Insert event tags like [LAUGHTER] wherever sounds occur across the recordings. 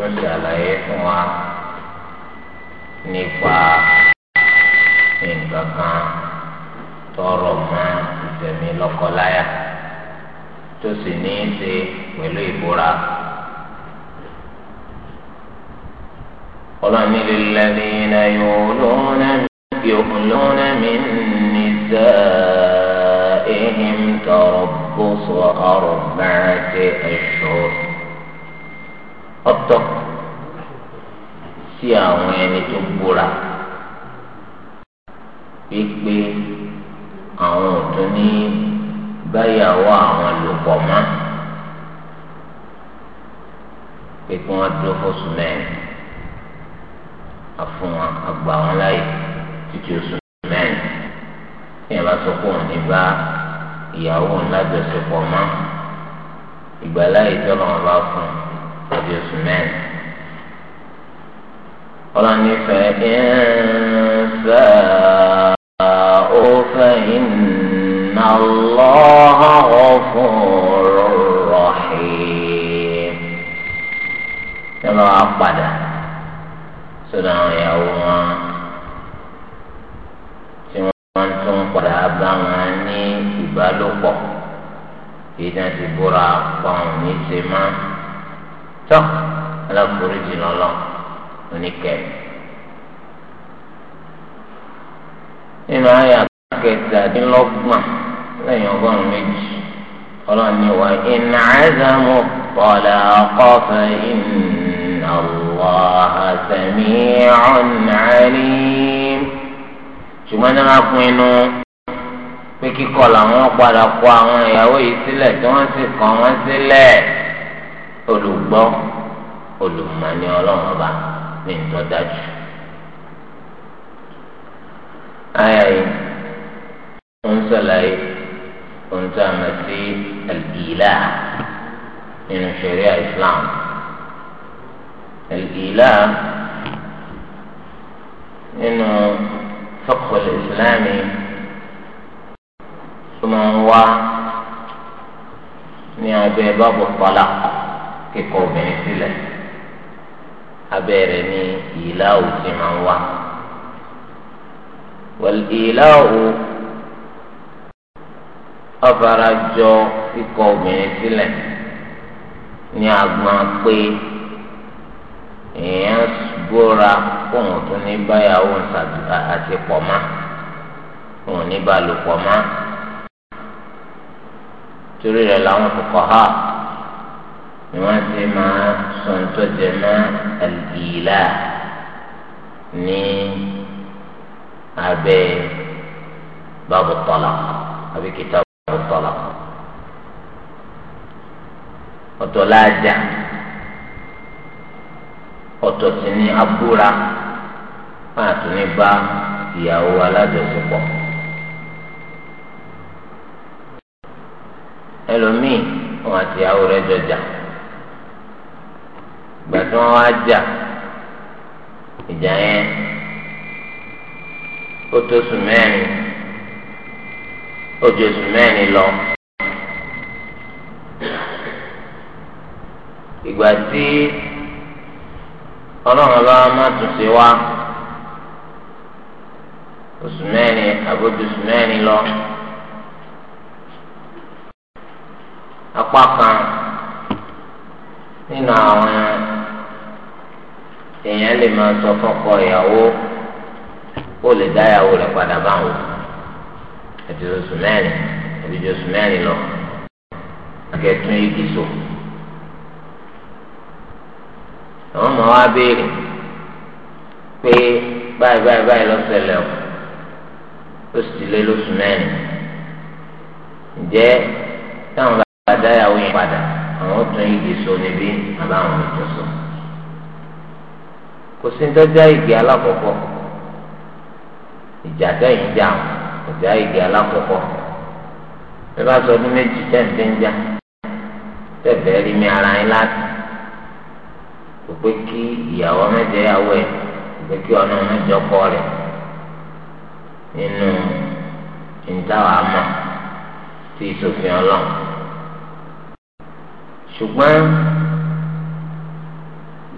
wọ́n ṣe àlàyé fún wa nípa nǹkan kan tọrọ mọ́ ìtẹ̀mí lọ́kọláya tó sì ní í ṣe pẹ̀lú ìbúra. قلن للذين يولون يؤلون من نسائهم تربص أربعة أشهر ọ̀tọ̀ sí àwọn ẹni tó búra wípé àwọn òtún ní báyàwó àwọn lòpọ̀ mọ́ pé kí wọ́n dúró fóṣù mẹ́rin àfún wọn àgbà wọn láyè títí oṣù mẹ́rin kí ẹ bá sọ pé òun ní bá ìyàwó ńlá jọ ṣe mọ́ ìgbàláyè tọ́lọ́ wọn bá fún un àbí oṣù mẹ́rin. ọlọ́ni fẹ́ ẹ̀ẹ́nsẹ́ ó fẹ́ iná lọ́hàn fún rọ̀hìn. ṣé wọ́n á padà sódà àwọn ìyàwó wọn tí wọ́n tún padà bá wọn ní ìbálòpọ̀ kí náà ti búra pa ní ṣe máa tọ́ aláforíjì lọ́lọ́ oníkẹ́yìn. nínú àyà kẹtàdínlọ́gbọ̀n lẹ́yìn ọgọ́rùn-ún méjì ọlọ́run ni wà iná ẹ̀dámù bọ̀dà ọkọ̀fẹ́ iná wàhà sẹ̀mí ọ̀nàrí. ṣùgbọ́n ní wọ́n pin inú pé kíkọ́ làwọn padà kọ àwọn ìyàwó yìí sílẹ̀ tí wọ́n sì kọ́ wọ́n sílẹ̀. olùgbọ́ olùmọ̀ni ọlọ́run ọba ní ìtọ́dájú. Aya yìí ń sọ̀láyé ohun tó a si sí al-ila nínú sharia Islam. Al-ila nínú fiqh al-islami tó máa ń wá ní abẹ́ bábù talaq. kíkọ obìnrin sílẹ̀ abẹ́rẹ́ ní ìlà òsì máa ń wá ọ̀farajọ kíkọ obìnrin sílẹ̀ ní agbọn pé èèyàn gbóra fóun ní báyàwó àti fóun ní torí rẹ̀ ni wọ́n ti máa sọ nítọ́jẹ mọ́ àlìlá ní abẹ́ bábù tọ́lá àbí kìtà bábù tọ́lá. ọ̀tọ̀ láàjà ọ̀tọ̀ sì ni abúra máa ní bá ìyàwó alájọṣepọ̀. ẹlòmíì wọn àti ìyàwó rẹ̀ jọjà ìgbà tí wọ́n wá jà ìjà yẹn ó tó sùn mẹ́rin ó ju oṣù mẹ́rin lọ. ìgbà tí ọlọ́run bá má tún ṣe wá oṣù mẹ́rin àbójú oṣù mẹ́rin lọ. apá kan nínú àwọn èèyàn lè máa sọ fọ́kọ ìyàwó ó lè dá ìyàwó rẹ̀ padà báwọn àti oṣù mẹ́rin àbí oṣù mẹ́rin lọ akẹ́tún igi so àwọn ọmọ wa béèrè pé báyìí báyìí báyìí lọ́sẹ̀lẹ̀ o ó sì ti lé lóṣù mẹ́rin ǹjẹ́ táwọn bá dá ìyàwó yẹn padà àwọn ó tún igi so níbí àbáwọn ò tún kò sí dájá ìgbé alákọ̀ọ́kọ́ ìjà tẹ̀yìn jà ìjà ìgbé alákọ̀ọ́kọ́ bí wọ́n sọ ọdún méjì tẹ̀ǹtẹ̀ ń jà tẹ̀fẹ́ rí mi ara yín láti kò pé kí ìyàwó mẹ́jẹ yàwó ẹ̀ kò pé kí ọ̀nà mẹ́jọ kọ́ rẹ̀ nínú ìdáwà mọ̀ tí ìsòfin ọlọ́run ṣùgbọ́n.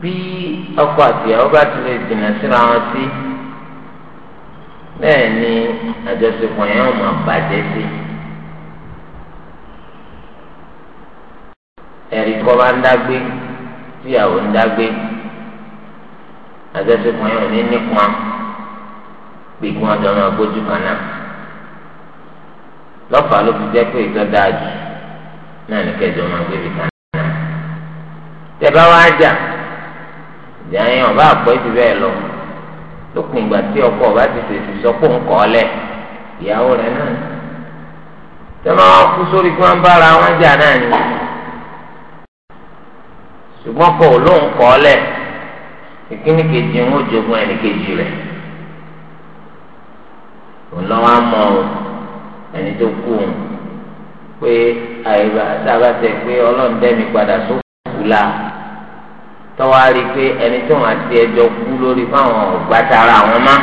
bí ọkọ àtìyàwó bá ti lè dènà síra wọn sí bẹ́ẹ̀ ni àjọṣepọ̀ yẹn ò máa bàjẹ́ sí. ẹ̀rí kọ́ bá ń dágbé tíyàwó ń dágbé àjọṣepọ̀ yẹn ò ní nípa bí kí gbójú kan náà lọ́fàá ló fi jẹ́ pé ìyá yẹn ọba àpọ̀ ju bẹ́ẹ̀ lọ lópin ìgbà tí ọkọ ọba ti fèsì sọ pé òun kọ́ ọ lẹ̀ ìyàwó rẹ̀ náà tẹ́lẹ̀ wọn kú sórí kí wọ́n bára wọn jà náà ni ṣùgbọ́n kọ́ òun kọ́ ọ lẹ̀ ìkíní kejì ń ó jogún ẹnì kejì rẹ̀ òun lọ́wọ́ á mọ ẹni tó kú òun pé àìbá tá a bá tẹ̀ pé ọlọ́run dẹ́mi padà sókùú la tọ́wá rí i pé ẹni tí wọ́n ti ẹjọ́ kú lórí fáwọn ọ̀gbà tara àwọn má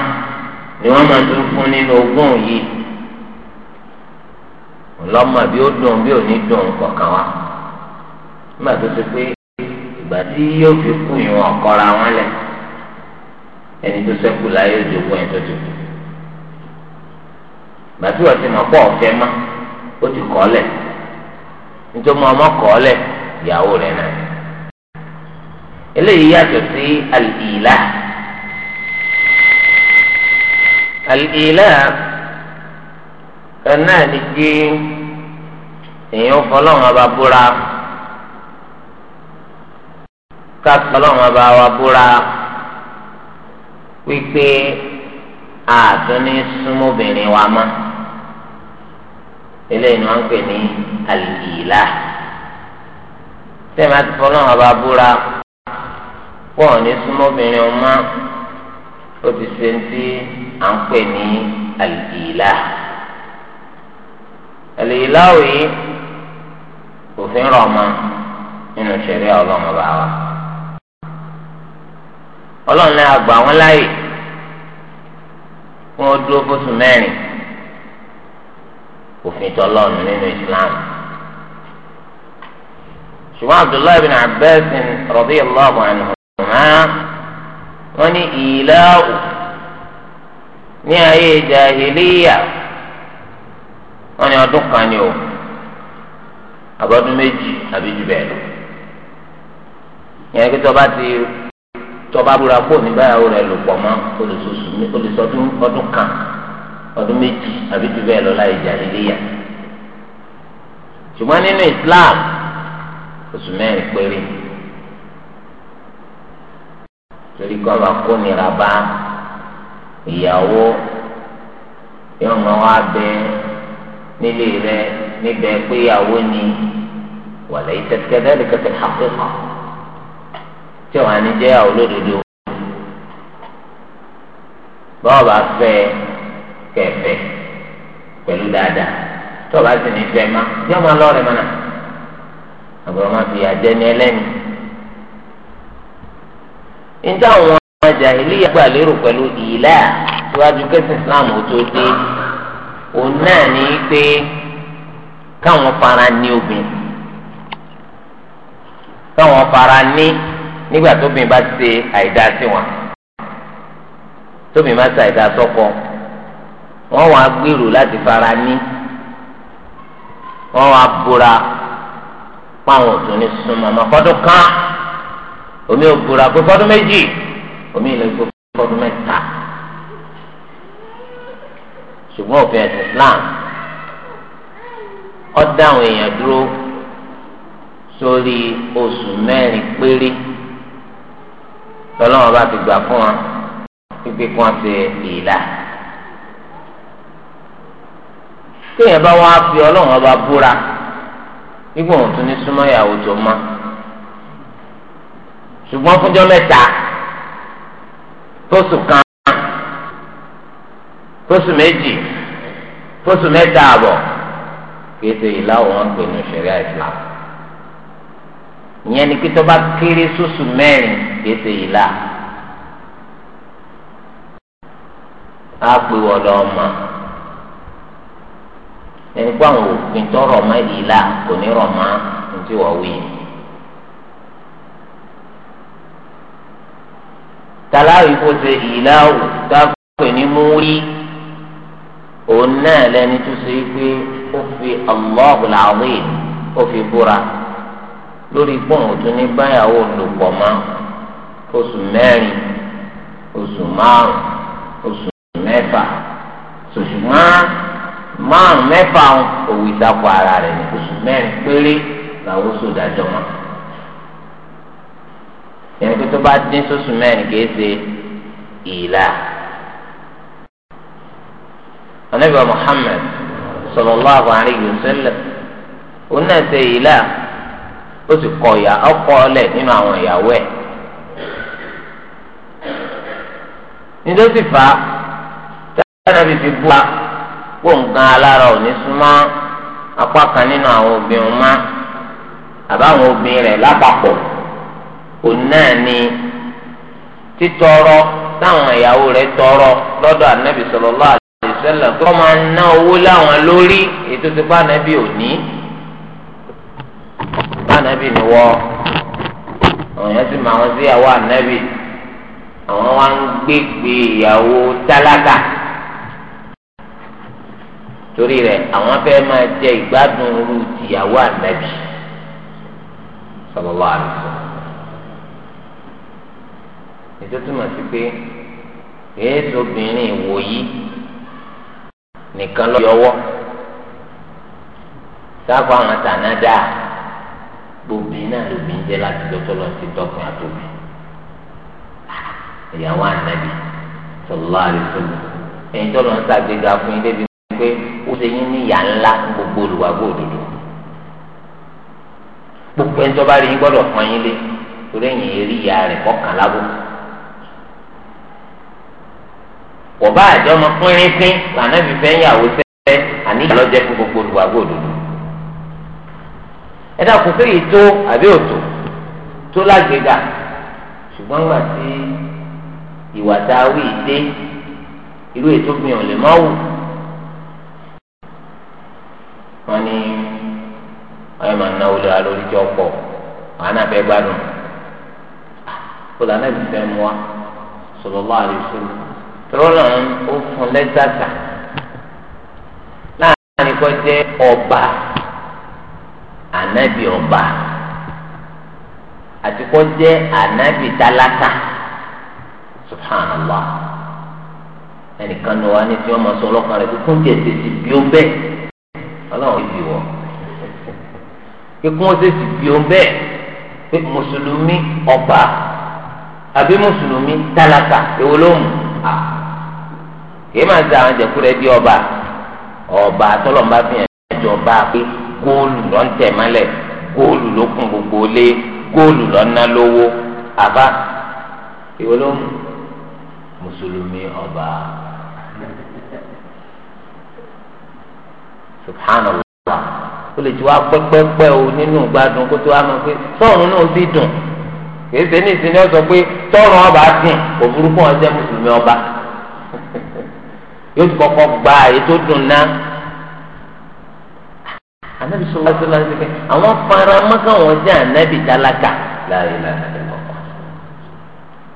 ni wọ́n máa tún fún nínú ogún yìí ọlọ́mọ bí ó dùn bí ò ní dùn kọ̀ọ̀kan wa nígbà tó ti pé ìgbà tí yóò fi kú ìwọ̀n ọ̀kọ́ra wọn lẹ ẹni tó ṣẹ́kù láyé òjòkó ẹni tó ti kú ìgbà tí wọ́n ti mọ̀ pọ̀ ọ̀fẹ́ mọ́ ó ti kọ́ lẹ̀ nítorí ọmọ kọ́ lẹ̀ ìyàwó rẹ̀ náà eléyìí yàtọ̀ sí al-ila al-ila kan náà ni pé èèyàn fọlọ́run ọba búra ká fọlọ́run ọba wa búra wípé àtún ní súnmọ́bìnrin wa mọ́ eléyìí ni wọ́n ń pè ní al tẹ́lẹ̀ máa ti fọlọ́run ọba búra wọn ò ní súnmọ́ obìnrin ọmọ ó ti ṣe ti à ń pè ní àlìyílá àlìyílá òye òfin rọ̀ ọmọ nínú ṣẹ̀ríà ọlọ́run bá wa ọlọ́run náà gbà wọ́n láàyè fún ọdún fóṣù mẹ́rin òfin tọ́lọ́run nínú Islam ṣùgbọ́n Abdullahi bin Abbas radiyallahu anhu wọ́n ní ìlàwù ní ayé jahiliya wọ́n ní ọdún kan ni o àbọ̀dún méjì àbí jù bẹ́ẹ̀ lọ yẹn kí tọ́ba ti tọ́ba búra kó nígbàyàwó rẹ̀ lò pọ̀ mọ́ olùsọdún ọdún kan ọdún méjì àbí jù bẹ́ẹ̀ lọ láyé jahiliya ṣùgbọ́n nínú Islam oṣù mẹ́rin péré torí kọ́ máa kó nira bá ìyàwó yóò máa wá bẹ nílé rẹ níbẹ̀ pé ìyàwó ni wàlẹ̀ ìtẹ̀kẹ́dẹ́ lè kẹ́kẹ́ àkókò tí wọ́n á ní jẹ́ àwọn olódodo bọ́ọ̀ bá fẹ́ kẹfẹ́ pẹ̀lú dáadáa tó o bá sì ní fẹ́ ma yọ máa lọ́ọ̀rẹ́ mọ́nà àbúrò máa fi àjẹ́ ní ẹlẹ́ni níta àwọn ọjà ìlíyà gbà lérò pẹ̀lú ìlà síwájú kẹsì islam ó tó dé òun náà ní pé káwọn fara ní obìnrin káwọn fara ní nígbà tóbìnrin bá ṣe àìdá sí wọn tóbìnrin bá ṣe àìdá sọ́kọ wọ́n wá gbèrò láti fara ní wọ́n wá búra páwọn ò ní súnmọ́ ọmọ fọ́dún kan omi ò búra pé fọdún méjì omi ìlẹ̀ gbé fọdún mẹ́ta ṣùgbọ́n òfin ẹ̀sìn Islam ó dá àwọn èèyàn dúró sórí oṣù mẹ́rin péré tọ́lọ́wọ́n bá ti gbà fún wa pípé kí wọ́n ṣe ìlà. téèyàn bá wá fi ọlọ́run ọba búra nígbà wọn tún ní súnmọ́ ìyàwó tó máa ṣùgbọ́n fúnjọ́ mẹ́ta tóṣù kan tóṣù méjì tóṣù mẹ́ta àbọ̀ kéde ìlàwọ̀ wọn pè ní ṣẹ̀ríà Islam ìyẹn ni pé tó bá kéré sóṣù mẹ́rin kéde ìlà á pè wọ́n lọ́ọ́ mọ́ àwọn òfin tó rọ̀ ìlà kò ní rọ̀ mọ́ ní tí wọ́n wí ni. taláwì kó ṣe ìlàwù dápẹ́ ní múrí òun náà lẹni tó ṣe pé ó fi Allahul Azim ó fi búra lórí pọ́ùn tó ní báyàwó lòpọ̀ mọ́ oṣù mẹ́rin oṣù márùn oṣù mẹ́fà ṣùgbọ́n márùn mẹ́fà òwò ara rẹ̀ oṣù mẹ́rin péré làwọn oṣù dájọ́ wọn. ẹni pé tó bá dín sóṣù mẹ́rin kìí ṣe ìlà. anabi muhammed sallallahu alayhi wa sallam òun náà ṣe ìlà ó sì kọ ìyá ọkọ ọlẹ nínú àwọn ìyàwó nítorí fa tẹ́lẹ̀ fi bu wa kó nǹkan alára ò ní súnmọ́ apá kan nínú àwọn obìnrin ma àbáwọn òun náà ni títọrọ táwọn ìyàwó rẹ̀ tọrọ lọ́dọ̀ ànábì sallallahu alaihi wasallam kí wọ́n máa ná owó láwọn lórí ètò tí bá ànábì ò ní bá ànábì ni wọ́ àwọn èèyàn ti mọ àwọn sí ìyàwó ànábì àwọn wa ń gbégbé ìyàwó tálákà torí rẹ̀ àwọn fẹ́ máa jẹ ìgbádùn irú tìyàwó ànábì sallallahu alaihi wasallam. ètò túmọ̀ sí pé èyí obìnrin ìwòyí nìkan lọ yọwọ́ sáfù àwọn tànà dáa gbòbí náà lòbí ń jẹ́ láti dọ́tọ́ lọ sí tọkùn àtòbí ìyàwó ànábì sọlá àlùsọlù ẹ̀yin tó ń ṣàgbéga fún yín débi pé ó ṣe yín ní ìyá ńlá gbogbo olùwàgbọ́ òdodo gbogbo bá rí yín gbọ́dọ̀ fún yín lé torí ìyá rẹ̀ kò bá àjọ ọmọ pínrín-pín lànà fífẹ́ yàwó sẹ́fẹ́ àní ìlọ́jẹ́ fún gbogbo olùwàgbọ́ òdodo. ẹ dákun pé ètò àbí òtò tó lágbèéga ṣùgbọ́n gbà tí ìwà tá a wí dé irú ètò gbìyànjú lè má wù. wọ́n ní ọyọ máa náwó lọ́la lórí jọ pọ̀ àánà fẹ́ gbádùn kó ah, lànà fífẹ́ mu wa sallallahu alaihi wasallam tọ́lọ́ ó fún lẹ́gbàgbà láàrin kọ́ jẹ́ ọba ànábì ọba àti kọ́ jẹ́ ànábì tálákà subhanallah ẹnìkan ní wa ní tí wọ́n máa sọ ọlọ́kan rẹ̀ kíkún tiẹ̀ tètè bí ó bẹ́ẹ̀ ọlọ́run ìbí wọ̀ kíkún tètè bí ó bẹ́ẹ̀ pé mùsùlùmí ọba àbí mùsùlùmí tálákà èwo kì í máa ń ta àwọn jẹkúrẹ́ bí ọba ọba tọ́lọ́mbà fi hàn jọba pé góòlù ló ń tẹ̀ mọ́lẹ̀ góòlù ló kún gbogbo lé góòlù ló ń ná lówó àbá ìwé ló mú mùsùlùmí ọba subhanallah ó lè ti wá pẹ́pẹ́pẹ́ o nínú gbádùn kó tó wá mọ̀ pé sọ́ọ̀rùn náà sì dùn kì í ṣe ní ìsinmi ọ̀sọ̀ pé tọ́ọ̀rùn ọba dùn òfurufú ọ̀jẹ̀ mùsùlùmí ọba yóò kọ́kọ́ gba èyí tó dùn ná. anabi sọlá sọlá ṣe pé àwọn fara mọ́kà wọn jẹ́ anabi tálákà láàyè lánàá lọ́kọ̀.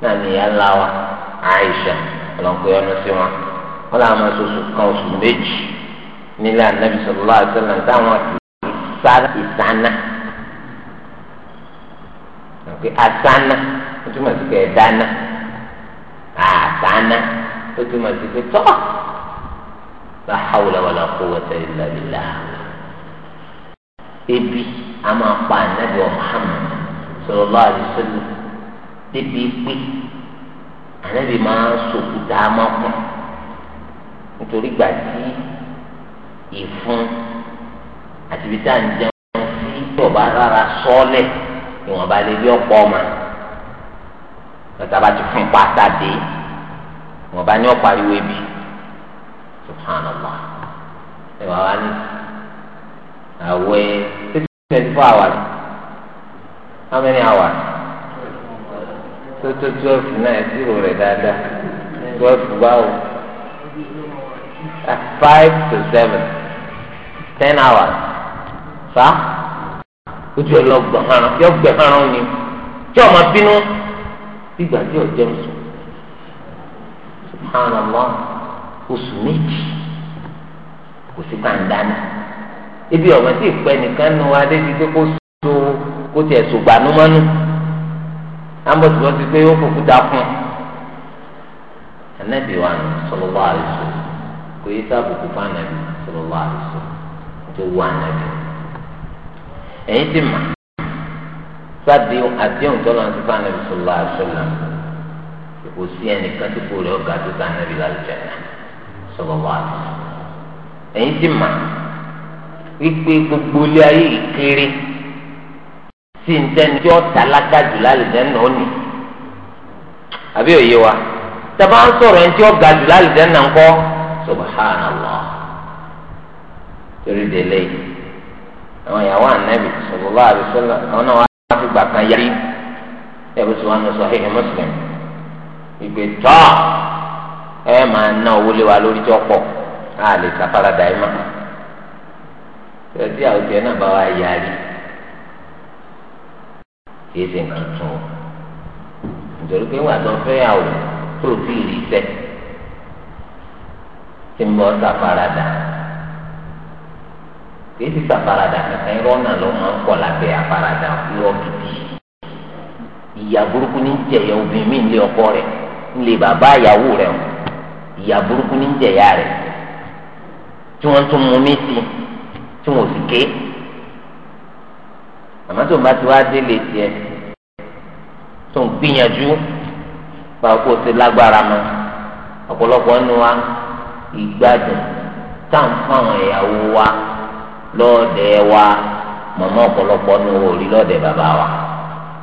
náà nìyá ńlá wa Aisha ọlọ́nkọ yọnu sí wọn wọn làwọn máa soso kan oṣù méjì nílẹ̀ anabi sọlá sọlá táwọn ìsáná pé asana ó túmọ̀ sí pé ẹ̀dáná àtàná ó túmọ̀ sí pé tọ́ la hawla wala quwwata illa billah ebi a máa pa anabi wa muhammad sallallahu alaihi wasallam débi pé anabi máa sòkúta máa pọ̀ nítorí gbà tí ìfun àti ibi tá à ń jẹun sí tọba rárá sọ́ọ̀lẹ̀ ìwọ̀nba lè bí ọ̀pọ̀ ọmọ bàtà bá ti fún pátá dé ìwọ̀nba ní ọ̀pọ̀ ariwo ebi subhanallah ẹ wà wá ní àwẹ̀ twenty four hours how many hours tó tó twelve náà zero rẹ̀ dáadáa twelve báwo ah, five to seven ten hours fa ojú ẹ lọ gbẹ̀hán yọ gbẹ̀hán ọ ni tí ọmọ bínú bí gbàdúrà jẹun sùn subhanallah oṣù méjì kò sí pàǹdánù ibi ọ̀gbọ́n tí ìpẹ́ nìkan nu adé ti pé kó so kó tiẹ̀ so gbanúmọ́nú ambọ̀tìbọ̀ ti pé ó fòkúta fún anabi wa nù sallallahu alaihi wasallam kò yí sábùkù fún anabi sallallahu alaihi wasallam tó wú anabi ẹ̀yin ti mà sáàdì àdéhùn tó lọ́n ti fún anabi sallallahu alaihi wasallam kò sí ẹnìkan tí kò rẹ̀ tó ká anabi lálẹ́ jẹ̀ náà sallallahu alaihi wasallam ẹ̀yin ti mà wípé gbogbo ilé ayé ìkéré sí ntẹ́ni tí ọ̀tá lágbàjù lálẹ́dẹ́nà òní àbí òye wa tàbá ń sọ̀rọ̀ ẹni tí ọ̀gá jù lálẹ́dẹ́nà ńkọ́ subhanallah torí délé àwọn ìyàwó ànábì sallallahu alaihi wasallam àwọn náà wàá fi gbà kan yára ẹ̀rù tí wọ́n ń sọ Sahih Muslim ìgbè tọ́ ẹ máa ná owó lé wa lórí tí ó pọ̀ á lè sàfaradà ẹ máa tẹ̀sí àwọn náà bá wa yarí kìí ṣe nǹkan tún o nítorí pé wà lọ fẹ́ àwọn tó ti rí sẹ́ tí mo sàfaradà kìí ṣe sàfaradà kankan irọ́ náà ló máa ń pọ̀ lábẹ́ àfaradà irọ́ gidi ìyá burúkú ní jẹ̀yẹ̀ obìnrin mi ń lé ọkọ rẹ̀ ń lé bàbá ìyàwó rẹ̀ o ìyá burúkú ní jẹ̀yà rẹ̀ tí wọ́n tún mú mí sí tí wọ́n sì ké àmọ́ tó ń bá ti wá délé tiẹ̀ tó ń gbìyànjú báwo kó o ti lágbára mọ́ ọ̀pọ̀lọpọ̀ nínú wa ìgbádùn táwọn fáwọn ìyàwó wa lọ́ọ̀dẹ wa mọ̀mọ́ ọ̀pọ̀lọpọ̀ nínú wa ò rí lọ́ọ̀dẹ bàbá wa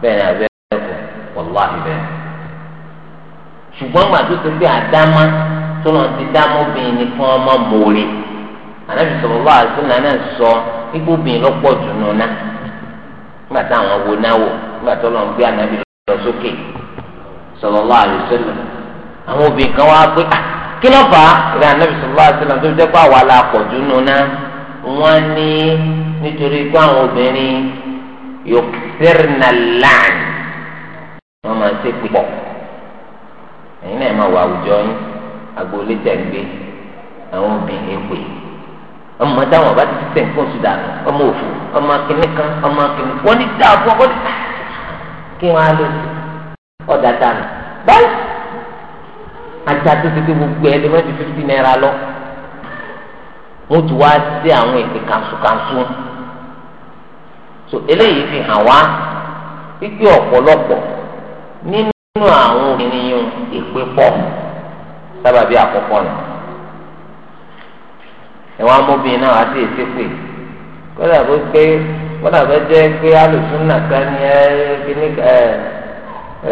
bẹ́ẹ̀ ni abẹ́ ẹ̀kọ́ wọ́n wá ibẹ̀ ṣùgbọ́n gbàdúrà tó gbé àdámá. tọ́lọ̀ ti dá mọ́bìnrin ni kí wọ́n ànábì sọ̀rọ̀ àdúrà náà sọ gbígbó lọ́pọ̀ jù nù náà nígbà wo náà wò nígbà tọ́lọ̀ ń gbé ànábì lọ sókè sọ̀rọ̀ àdúrà àwọn obìnrin kan wá pé ah, kí ló fà á ìrẹ́ ànábì sọ̀rọ̀ àdúrà tó jẹ́ pé àwa la pọ̀ jù nù náà wọ́n agboolé tẹ̀gbé àwọn obìnrin èpè ọmọ táwọn bá ti tẹ̀ nǹkan oṣù dànù ọmọ òfò ọmọ akínní kan ọmọ akínní wọ́n ní dáa fún ọkọ ní kí wọ́n á lò ọ̀dà dànù báyìí ajá tó ti fi gbogbo ẹ̀ lé mẹ́tì fífi náírà lọ wọ́n ti wá sí àwọn èpè kanṣukanṣu so eléyìí fi hàn wá pípé ọ̀pọ̀lọpọ̀ nínú àwọn obìnrin yìí èpè pọ̀ sábàbí àkọ́kọ́ nù ẹ̀wọ̀n amóbìnrin náà wá sí èsì pé kódà bó pé kódà bó jẹ́ pé alùsùnà kan ní ẹ kíní ẹ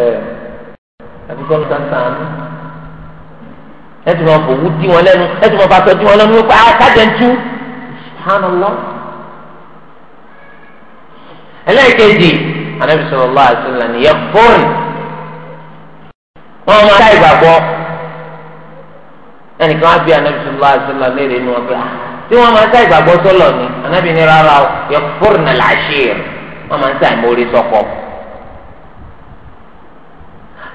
ẹ àbíkọ́ nǹkan sàn ẹ ti máa fòwú dí wọn lẹ́nu ẹ ti máa bàtọ́ dí wọn lẹ́nu wípé àkájẹ́ ah, ń tú subhanallah ẹlẹ́ẹ̀kejì anabi sọ̀rọ̀ lọ́wọ́ àti sọ̀rọ̀ ní yẹ fóònù wọn máa dá ìgbàgbọ́ ẹnìkan á bí anabi sọlá àṣìlá léèrè ni wọn pé ah, tí wọn máa ń sá ìgbàgbọ́ sọlọ ni anabi ní rárá o yẹ fúrú nà láṣìír wọn máa ń sá ìmórí sọkọ.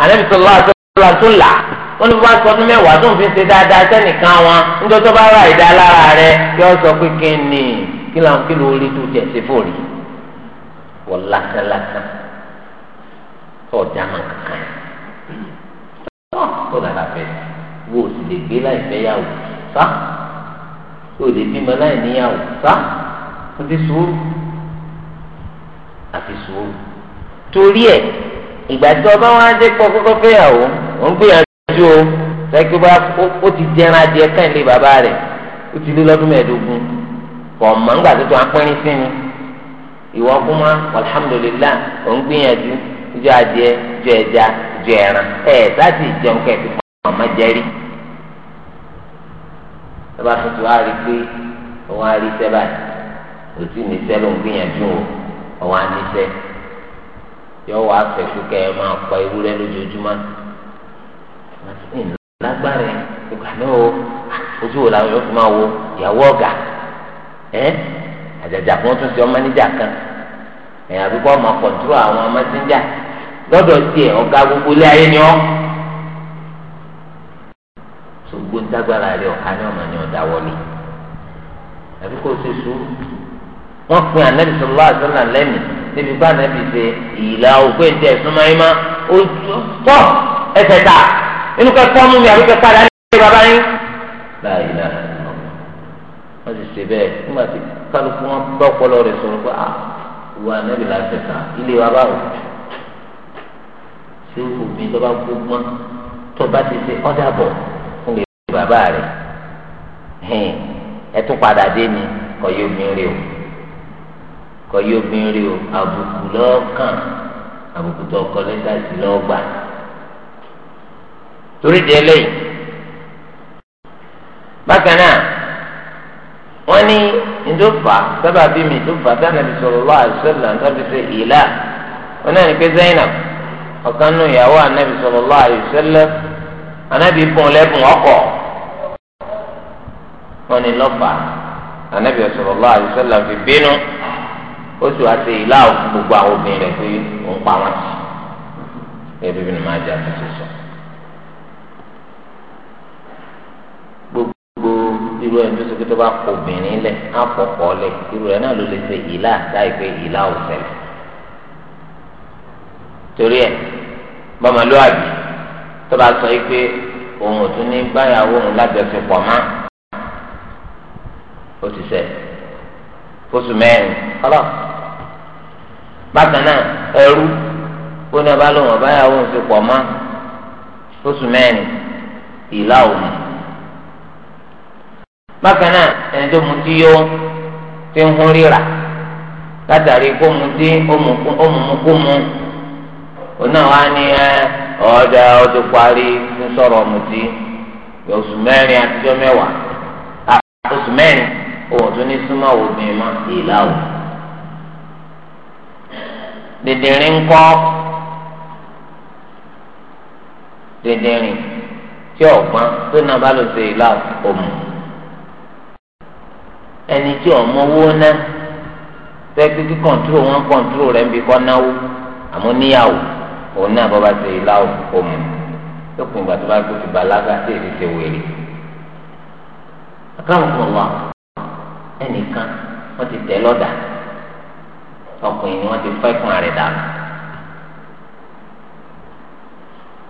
anabi sọlá àṣìlá tó là wọn ní wọn sọdún mẹ́wàá tó ń fi ṣe dáadáa sẹnìkan wọn níjọ tó bá ra ìdá lára rẹ yọ sọ pé kí ni kí ló ń kí ló rí tó jẹ sí fòrí wọ́n lásán tó ọjà kankan tó dára bẹ́ẹ̀ wo ò sì lè gbé láì fẹ́ yàwó sá o lè bímọ láì níyàwó sá o ti sùúrù àti sùúrù torí ẹ ìgbà tí ọba wọn á dé pọ kọ́kọ́ fẹ́ yàwó ò ń gbìyànjú o lẹ́kí bá ó ti jẹran adìẹ káyìn lé bàbá rẹ̀ ó ti lé lọ́dún mẹ́ẹ̀ẹ́dógún kọ̀ mọ̀ nígbà tó tó apẹ́rín sí ni ìwọ kún mọ́ alhamdulilayi ò ń gbìyànjú ìjọ adìẹ ìjọ ẹja ìjọ ẹran ẹ̀ sáà ti jẹun kẹ́ẹ̀kì p ọmọ jẹrí lọba tuntun wa rí pé òun á rí iṣẹ́ báyìí ló ń gbìyànjú o òun á níṣẹ́ yóò wá fẹsù kẹ ẹ máa pa ewúrẹ́ lójoojúmọ́ lágbára ìgbà náà o ojú wo làwọn yóò fi máa wo ìyàwó kan tún ọmọ níjà kan ẹ ọmọ àwọn ọmọ lọ́dọ̀ gbogbo ń dágbára rẹ ọ̀ka ní ọ̀nà ni ọ̀dà wọlé àbí kò ṣe sùúrù wọ́n pin ànábì sọlá àṣọlá lẹ́nu níbi bá ànábì ṣe ìlà òkú ẹ̀jẹ̀ ẹ̀sùnmọ́ ẹ̀mọ́ ojú tọ́ ẹsẹ̀ ta inú kẹta mú mi àbí kẹta rẹ̀ ní bàbá yín. láàyè náà wọ́n ti ṣe bẹ́ẹ̀ nígbà tí kálukú wọn bá ọpọlọ rẹ̀ sọ̀rọ̀ pé ah, à wọ ànábì láti ta ilé wa bá wò ṣé òfin tó bá gbó tó bá ti ṣe ọ́dà bọ̀ bàbá rẹ̀ hìn ẹ tún padà dé mi o kọ yóò mi o àbùkù lọ́ọ̀kàn àbùkù tó kọ lẹ́tà sí lọ́ọ̀gbà torí di eléyìí bákan náà wọ́n ní ndófà sábà bí mi ndófà sànàbí sallallahu alaihi ṣe ìlà wọ́n náà ní pé Zainab ọ̀kan nù ìyàwó anabi bùn lẹ́bùn ọkọ̀ wọn ni lọ́fà anabi sallallahu alaihi wasallam fi bínú ó sì wá sí ìlà gbogbo àwọn obìnrin rẹ̀ pé òun pa wọn sí ebi bí ni máa jẹ àtúnṣe sọ. gbogbo irú ẹ̀ tó sọ́kè tó bá kọ obìnrin lẹ̀ á fọ̀kọ̀ lẹ̀ irú ẹ̀ náà ló lè ṣe ìlà láì pé ìlà ò ṣẹlẹ̀ torí ẹ̀ bàmàlúwàbí tó bá sọ yìí pé òun ò tún ní báyàwó òun lájọṣepọ̀ mọ́ ó ti ṣe oṣù mẹ́rin kọ́lọ́ bákan náà ẹrú ó ní abá lòun ọ̀báyàwó òun ti pọ̀ mọ́ oṣù mẹ́rin ìlà òun bákan náà ẹni tó mu tí yó ti ń hún ríra látàrí kó mu dé ó mu kó mu. ona wa ni ẹ ọ̀ọ́dà ọdún kwari ń sọ̀rọ̀ osu oṣù mẹ́rin àtijọ́ mẹ́wàá oṣù mẹ́rin òun tún ní súnmọ́ obìnrin mọ́ ìlà o. dèdèrìn ń kọ́ dèdèrìn tí ọ̀gbọ́n tó náà bá lọ sí tí wọn òun náà bọ́ba ṣe ilá òmù tó kùn ìgbà tó bá kó ti bàlágà tí èdè ṣe wèrè. àkàrùnkùn wa ẹnìkan wọ́n ti tẹ̀ lọ́dà ọkùnrin ni wọ́n ti fọ́ ẹ̀kún rẹ̀ dànù.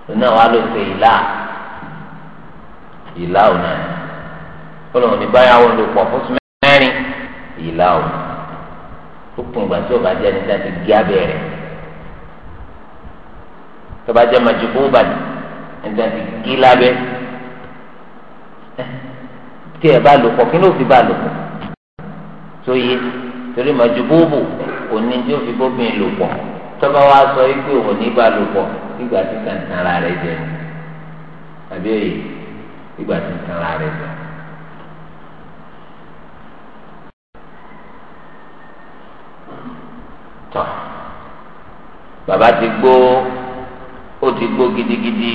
òun náà wá ló ṣe ilá ìlà òun náà kọlọ́wọ́n ní báyàwó ló pọ̀ fún mẹ́rin ìlà òun tó kùn ìgbà tí ò bá jẹ́ ní sáà ti gé abẹ́rẹ́ tó bá jẹ́ màjúkún bàjẹ́ ẹ̀dá ti gé lábẹ́ tí ẹ̀ bá lò pọ̀ kí ló fi bá lò pọ̀ tó yé torí màjúkúbù òní tí ó fi bóbin lò pọ̀ tọ́ba wa sọ pé òun ní bá lò pọ̀ nígbà tí kàńtàn ara rẹ̀ jẹ́ àbí òye nígbà tí kàńtàn ara rẹ̀ jẹ́. tọ́ ti gbó ó ti gbó gidigidi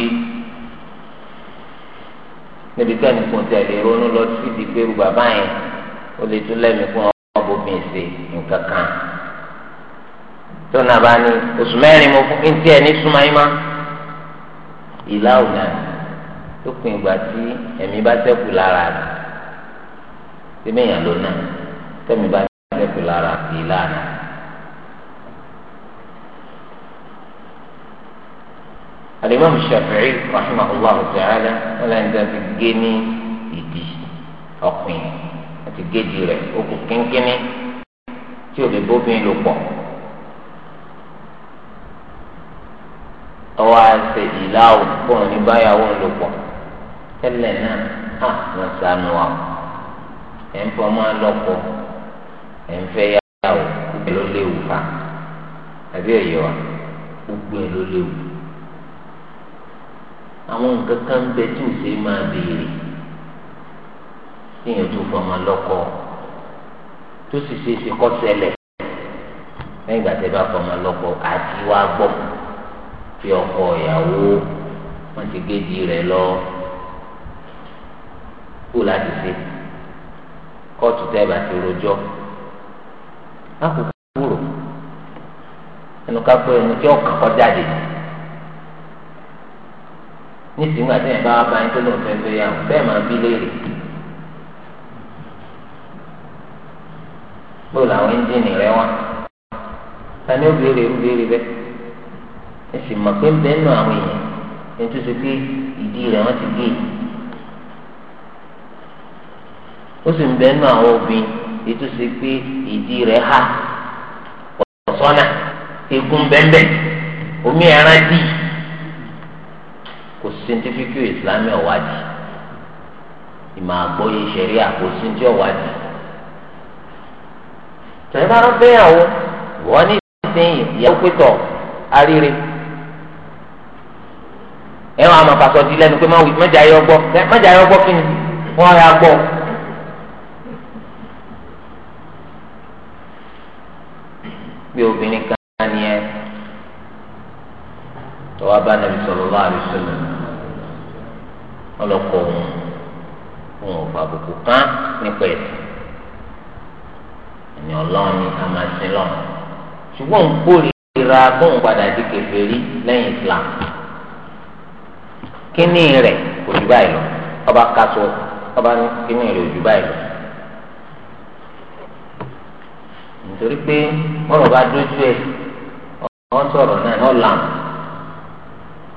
níbi tí ẹnì kan tẹ̀lé ronú lọ sí ti gbèrú bàbá yẹn ó lè tún lẹ́mìí fún ọmọbìnrin ṣe nǹkan kan tọ́nà bá ní oṣù mẹ́rin mo fún ntí ẹ̀ ní súnmọ́ yín má ìlà ọ̀nà tó pin ìgbà tí ẹ̀mí bá ṣẹ́kù lára rẹ̀ tẹ́mẹ̀yàn lónà tẹ́mi bá ṣẹ́kù lára ìlà náà. alimami shafi'i rahimahullah ta'ala wọn lẹ́yìn tí wọ́n ti gé ní ìdí ọ̀pìn àti géèjì rẹ̀ okù kínkínní tí o lè bóbin lò pọ̀ ọwọ́ àṣẹ ìlà òkùnkùn ní báyàwó lò pọ̀ tẹ́lẹ̀ náà à wọ́n sànù wa ẹ̀ ń fọ́ máa lọ́pọ̀ ẹ̀ ń fẹ́ yàwó gbogbo ẹ̀ ló léwu fa àbí ẹ̀yẹ wa gbogbo ẹ̀ ló léwu àwọn nǹkan kan bẹ tí ò sí máa béèrè kéèyàn tó fọmọ lọ́kọ tó sì ṣe é ṣe kọ́ ṣẹlẹ̀ lẹ́yìn ìgbà tẹ́ bá fọmọ lọ́kọ àti wá gbọ́ fi ọkọ ìyàwó wọ́n ti gédi rẹ̀ lọ kú láti ṣe kóòtù tẹ́ bá ti rojọ́ lákòókò kúrò ẹnu ká pé ẹni tí ọkàn kọjá dé. nísìnyí àti ẹ̀ bá wá bá yín tó lóun fẹ́ẹ́ fẹ́ẹ́ yà wọ́n bẹ́ẹ̀ máa bí léèrè. bó làwọn rẹ wá ta ni ó béèrè ó béèrè bẹ́ẹ̀ ẹ sì mọ̀ pé bẹ́ẹ̀ nù àwọn èèyàn ẹni tó ịdị pé ìdí ti gé ó sì ń bẹ́ẹ̀ nù àwọn obìnrin èyí tó ṣe pé ìdí kò scientific islami ọ̀wádìí ìmọ̀ àgbọ́yé sẹ̀ríà kò sí ti ọ̀wádìí. tẹ̀lé bá rán bẹ́yàwó wọ́n ní ìsinsìnyí ìyàwó pétọ̀ aríire ẹ wọn àmọ́ pàṣọ di lẹ́nu pé mẹ́jà yọ gbọ́ mẹ́jà yọ gbọ́ kí ni wọ́n yà gbọ́. bí obìnrin kan ní ẹ tọ́wọ́ bá nàbì sallallahu alaihi wasallam. ọlọ́kọ̀ òun kan nípa ẹ̀sìn ẹ̀mí ọlọ́run ni a máa sin lọ́n ṣùgbọ́n òun kórìíra bóun padà di Islam kíní báyìí lọ ọba kaso ọba kíní rẹ̀ báyìí lọ nítorí pé bọ́lọ̀ bá dójú ẹ̀ sọ̀rọ̀ náà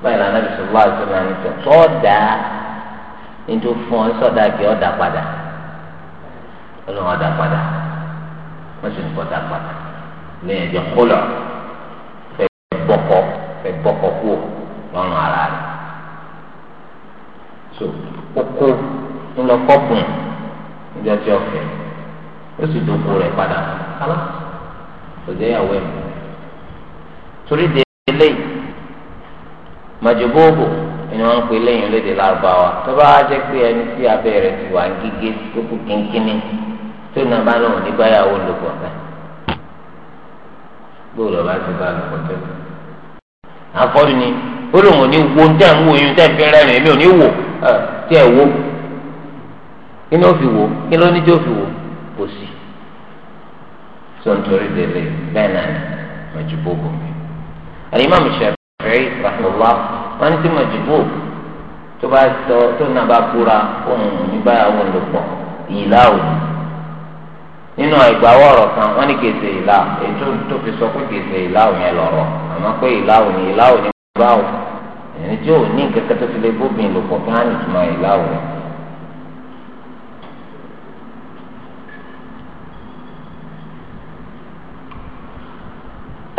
báyìí nítorí fún ọ sọdá kí ọ dà padà ọlọ́run ọdà padà wọ́n sì ń kọ́ dà padà lẹ́yìn ẹ̀jẹ̀ kólọ̀ fẹ́ fẹ́ lọ́rùn ara rẹ̀ so kókó ńlọ níjọ́ tí ó sì rẹ̀ padà kálá òjò ìyàwó ẹ̀ torí de ni wọn ń pè lẹ́yìn lédè lárúbáwá tó bá jẹ́ pé ẹni tí abẹ́ rẹ̀ ti wà ń gígé tó kù kínkínní tó náà bá lòun ní báyàwó lòpọ̀ náà gbọ́dọ̀ bá ti bá lòpọ̀ tẹ́lẹ̀. àfọ́dù ni ó lòun ò ní wo tẹ́ ń wo yun tẹ́ ń fi rẹ́rìn èmi ò ní wò tí ẹ̀ wo kí ni ó fi wò kí ló ní tí ó fi wò kò sí. sọ nítorí délé bẹ́ẹ̀ náà mọ̀jú bó bò àyè má mi ṣe àfẹ́ rahmatulah wọn ní tí mọ̀jìbò tó bá sọ tó nà bá búra òun ní báyàwó lò ìlà ò nínú ìgbàwọ̀ ọ̀rọ̀ kan wọ́n ní kèsè ìlà ètò tó fi sọ pé kèsè ìlà ò yẹn lọ̀rọ̀ àmọ́ pé ìlà ò ní ìlà ò ní bá ò ẹni tí ò ní kẹkẹ tó fi lè bóbin lò pọ̀ kí wọ́n ìlà ò rẹ̀.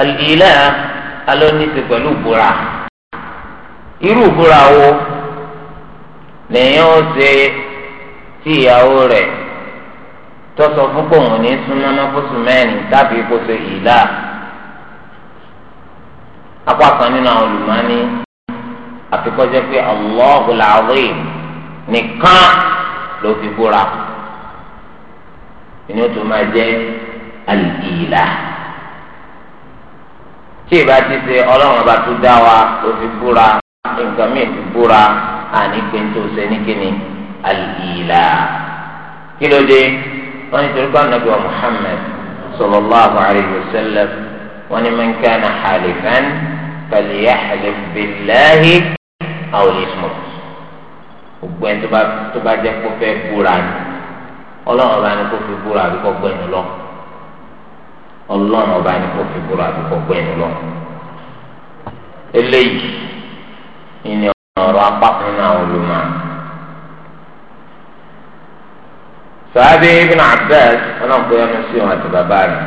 alìlẹ́ alóníṣe pẹ̀lú búra irú ìbúra wo lèyìn ó ṣe tí ìyàwó rẹ̀ tọ́sọ fún pòun ní súnmọ́nà fóṣù mẹ́rin tàbí kóso ìlà apá kan nínú àwọn olùmọ́ni àfikọ́jẹ́ pé Allahul Azim nìkan ló fi búra inú tó máa jẹ́ al tí ìbá ti ṣe ọlọ́run ọba tó dá wa ló fi búra nǹkan mi ti búra àní pé n tó ṣe ní kíni alìlà kí ló dé wọn nítorí pé anabi wa muhammed sallallahu alayhi wa sallam wọn ni man kana halifan falyahlif billahi aw liyasmut gbogbo ẹni tó bá jẹ kó fẹ́ búra ni ọlọ́run ọba ni kó fi búra àbí kó gbẹ̀yìn lọ ọlọ́run ọba ni kó fi búra àbí kó gbẹ̀yìn lọ eléyìí. ìní ọrụ apákan nínú àwọn olùmọ̀. sàábì ibn Abbas ọlọ́pàá yọnu sí òun àti bàbá rẹ̀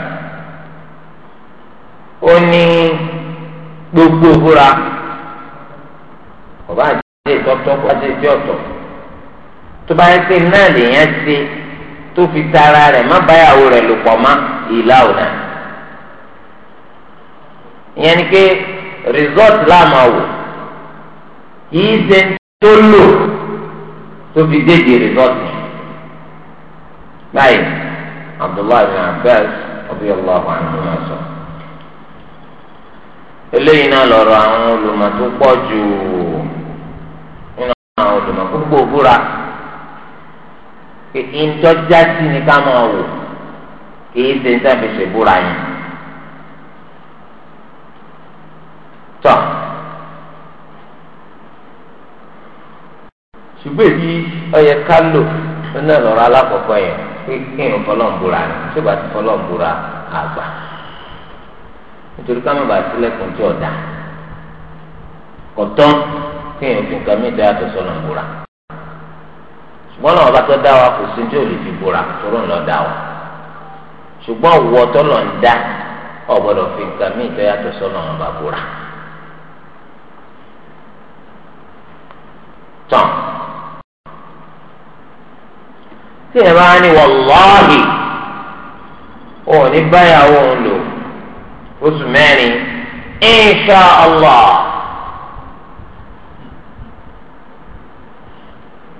ó ní gbogbo búra ọba àti ìtọ́tọ́ kó àti ìdí ọ̀tọ̀ tó bá yẹ pé náà lèèyàn ṣe tó fi tara yìí ṣe tó lò tó fi dédé rìsọ́ọ̀tì báyìí abdullahi bin abbas ọbí ọlọ́ọ̀bù àdúrà sọ. eléyìí náà lọ̀rọ̀ àwọn olùmọ̀ tó pọ̀ jù nínú àwọn olùmọ̀ púpọ̀ búra ìtọ́já sí ni ká máa wò kìí ṣe ń tàbí búra yẹn. ṣùgbọ́n èyí ọyẹ ká lò lọ́nà lọ́rọ̀ alákọ̀ọ́kọ́ yẹn pé kí n fọlọ́ǹbùra ni tí ìbá ti fọlọ́ǹbùra àgbà nítorí ká má bàa sílẹ̀kùn tí ọ̀dà kọ̀tọ́ kí n fi nǹkan mìíràn yàtọ̀ sọlọ́ǹbùra ṣùgbọ́n náà ọba tó dá wa kò sí tí ò lè fi bùra tóró ńlọ dá wa ṣùgbọ́n òwò ọtọ́ lọ ń dá ọ̀gbọ́dọ̀ fi nǹkan mìíràn yàtọ̀ sọlọ́ǹbùra tán tí ẹ bá ní wàláhì ò ní báyàwó ń lò oṣù mẹ́rin insha allah.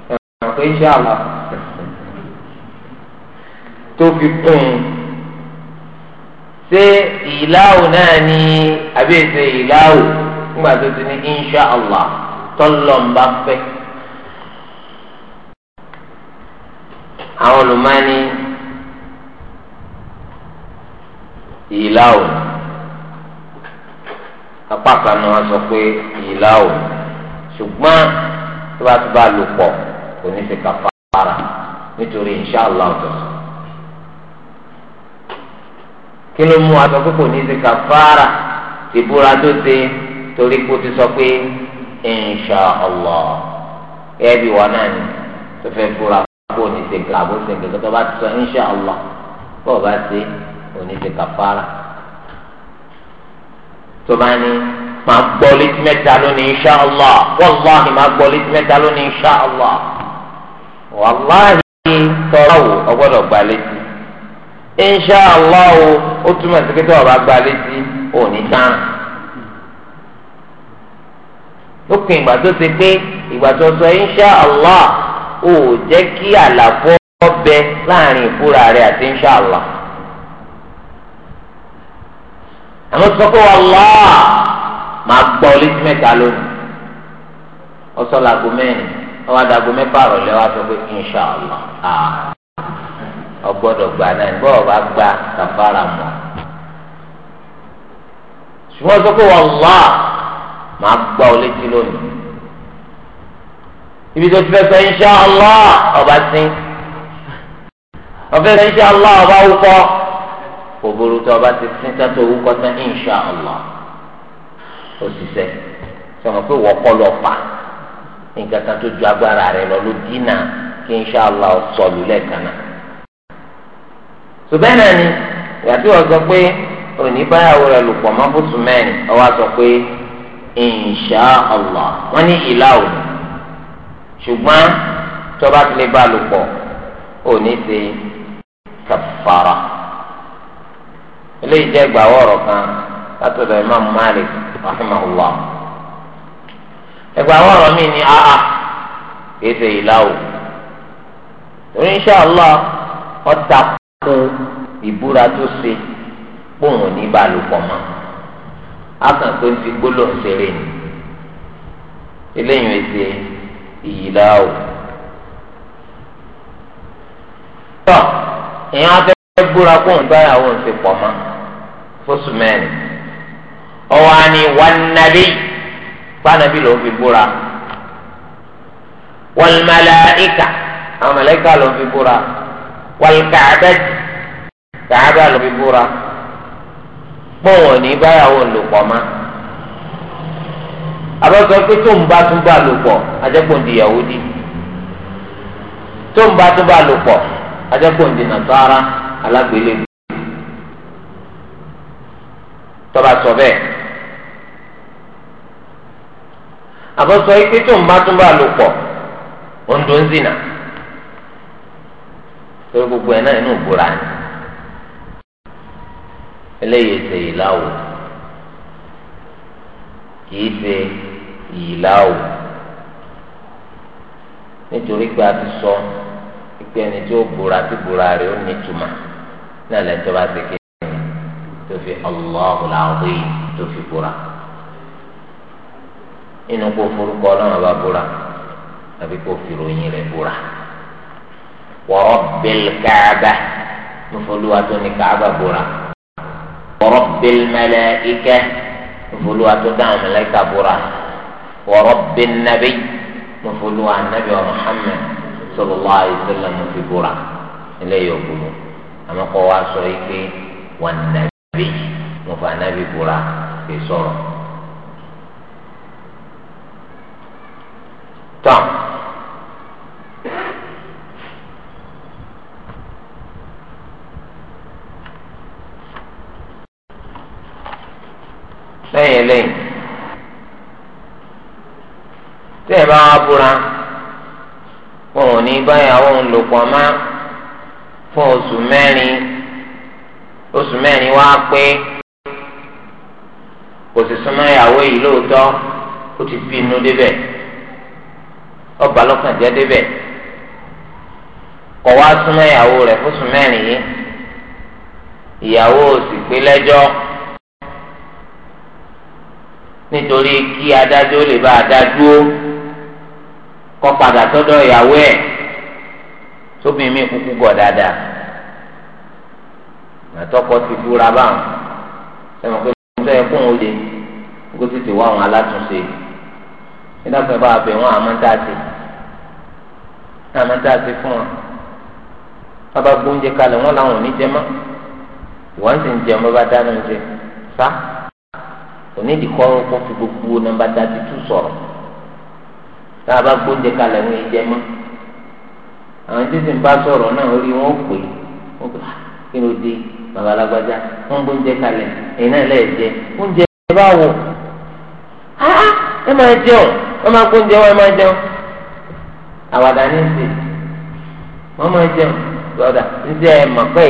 ọ̀nà pé insha allah tó fi kún un ṣé ìlàwọ̀ náà ni àbí ètò ìlàwọ̀ nígbà tó ti ní insha allah tọ́lọ̀ ń bá fẹ́. àwọn olùmọ́ni ìlà o apá kan ni wọ́n sọ pé ìlà o ṣùgbọ́n tó bá ti bá lò pọ̀ kò ní ṣe kàfàrà nítorí inṣàlá ọ̀tọ̀ kí ló mú aṣọ pé kò ní ṣe kàfàrà ìbúra tó ṣe torí kó ti sọ pé inṣàlá ẹ bí wà náà ni tó fẹ́ búra kó o ní ṣe nǹkan àbó ṣe nǹkan tó bá ti sọ insha Allah bó o bá ṣe o ní ṣe kàfàrà tó bá ní máa gbọ́ létí mẹ́ta lónìí insha Allah wallahi máa gbọ́ létí mẹ́ta lónìí insha Allah wallahi tọ́ra wò ọgbọ́dọ̀ gba létí insha Allah o ó túmọ̀ sí pé tó o bá gba létí o ní tán lópin ìgbà tó ṣe pé ìgbà tó sọ insha Allah. o ò jẹ́ kí àlàfo ọbẹ̀ láàrin ìfúra rẹ̀ àti inṣàlá. àmọ́ sọ pé wallahi máa gbọ́ létí mẹ́ta lónìí ọsọ làgbo mẹ́rin ọwọ́ àdàgbo mẹ́fà rọ̀lẹ́ wa sọ pé inṣàlá ọgbọ́dọ̀ gbà náà ní bọ́ọ̀ bá gba kàfàrà mọ́ ṣùgbọ́n sọ pé wallahi máa gbọ́ létí lónìí. ibi tó ti fẹ́ sọ ọba sí ọfẹ́ sọ ọba wúkọ́ kò burú ọba ti sí tó wúkọ́ tán insha Allah ó ti sẹ́ sọ̀rọ̀ pé wọ́pọ̀ lọ pa nǹkan kan tó ju agbára rẹ lọ ló dínà kí Allah sọ̀lù lẹ́ẹ̀kan náà ni ìyàtí wọ́n sọ pé òní rẹ̀ lùpọ̀ mọ́ mẹ́rin pé ṣùgbọ́n tọ́ba ti lè bá a lò pọ̀ ò ní kan látọ̀dọ̀ imam malik rahimahullah ìgbàwọ́ ọ̀rọ̀ mi ni aa kìí ṣe ìlàwò torí inṣàlá ọ̀tà kú ìbúra tó ṣe kóhùn ní bá a lò pọ̀ mọ́ ni eléyìí ń ìyìlá o. tọ́ èèyàn afẹ́ búra kó ń báyàwó ń ti pọ̀ mọ́ fóṣù mẹ́rin ọwọ́ á ní wànàbí pànàbí ló ń fi búra wàlmàláìkà àwọn màláìkà ló ń fi búra wàlkàbẹ́tì kàábà ló ń fi búra pọ̀ wọ́n ní báyàwó ń lò pọ̀ mọ́ bàbá sọ pé tó ń bá tún bá lò pọ̀ àjẹpọ̀ ń di Yahudi tó ń bá tún bá lò pọ̀ àjẹpọ̀ ń di Nàsárà alágbélébùú tọ́ba sọ bẹ́ẹ̀ àbọ̀sọ ikpe tó ń bá tún bá lò pọ̀ ondo ń zina torí gbogbo ẹ̀ náà inú ìbúra ni eléyìí ṣe ìlàwọ̀ kìí ṣe ìlà o nítorí pé a ti sọ pé ẹni tí ó búra tí búra rẹ̀ ó ní ìtumọ̀ náà lẹ́tọ́ bá ti kí ẹni tó fi Allahu al-Azim tó fi búra inú kó forúkọ ọlọ́run bá búra àbí kó fi ròyìn rẹ̀ búra wa Rabbil Kaaba tó ní Kaaba búra wa Rabbil Malaika ló fọlúwa tó dáhùn mẹ́lẹ́kà búra. ورب النبي مفلوا عن النبي محمد صلى الله عليه وسلم في برا إلى يقولوا أما قوا صريك والنبي مفى النبي برا في صورة تام lẹ́yìn lẹ́yìn tí ẹ bá wá búra wọn ò ní báyàwó ń lò pọ̀ mọ́ fún oṣù mẹ́rin oṣù mẹ́rin wá pé kò sì súnmọ́ ìyàwó yìí lóòótọ́ ó ti bí inú débẹ̀ ọba lọ́kàn jẹ́ débẹ̀ kọ̀ wá súnmọ́ ìyàwó rẹ̀ fún oṣù mẹ́rin yìí ìyàwó sì pé lẹ́jọ́ nítorí kí adájọ́ lè bá adájọ́ kọ́ padà tọ́dọ̀ ìyàwó ẹ̀ tóbi mi kúkú gọ̀ dáadáa àtọ́kọ ti búra báwọn ẹ̀mọ̀ pé mo fẹ́ kún un lè kó tètè wá àwọn alátúnṣe nígbà pé bá a bẹ̀ wọ́n àmọ́ tá a ti àmọ́ tá a ti fún wọn bàbá gbóúnjẹ kalẹ̀ wọ́n làwọn ò ní jẹ mọ́ wọ́n sì ń jẹun bàbá dáná ń jẹ sá onídìí kọ́ kó fi gbogbo nọ́mbà dá ti sọ̀rọ̀. tá a bá gbóúnjẹ kalẹ̀ wọn jẹ mọ́ àwọn na ń sọ̀rọ̀ náà orí wọn ó pè ó pè ah, kí ló dé bàbá wọn gbóúnjẹ kalẹ̀ èyí náà lẹ́ẹ̀ jẹ oúnjẹ ẹ bá wò ah, ah, ẹ máa jẹun ẹ máa gbóúnjẹ wọn ẹ máa ọ àwàdà ní wọn máa lọ́dà ẹ mọ̀ pé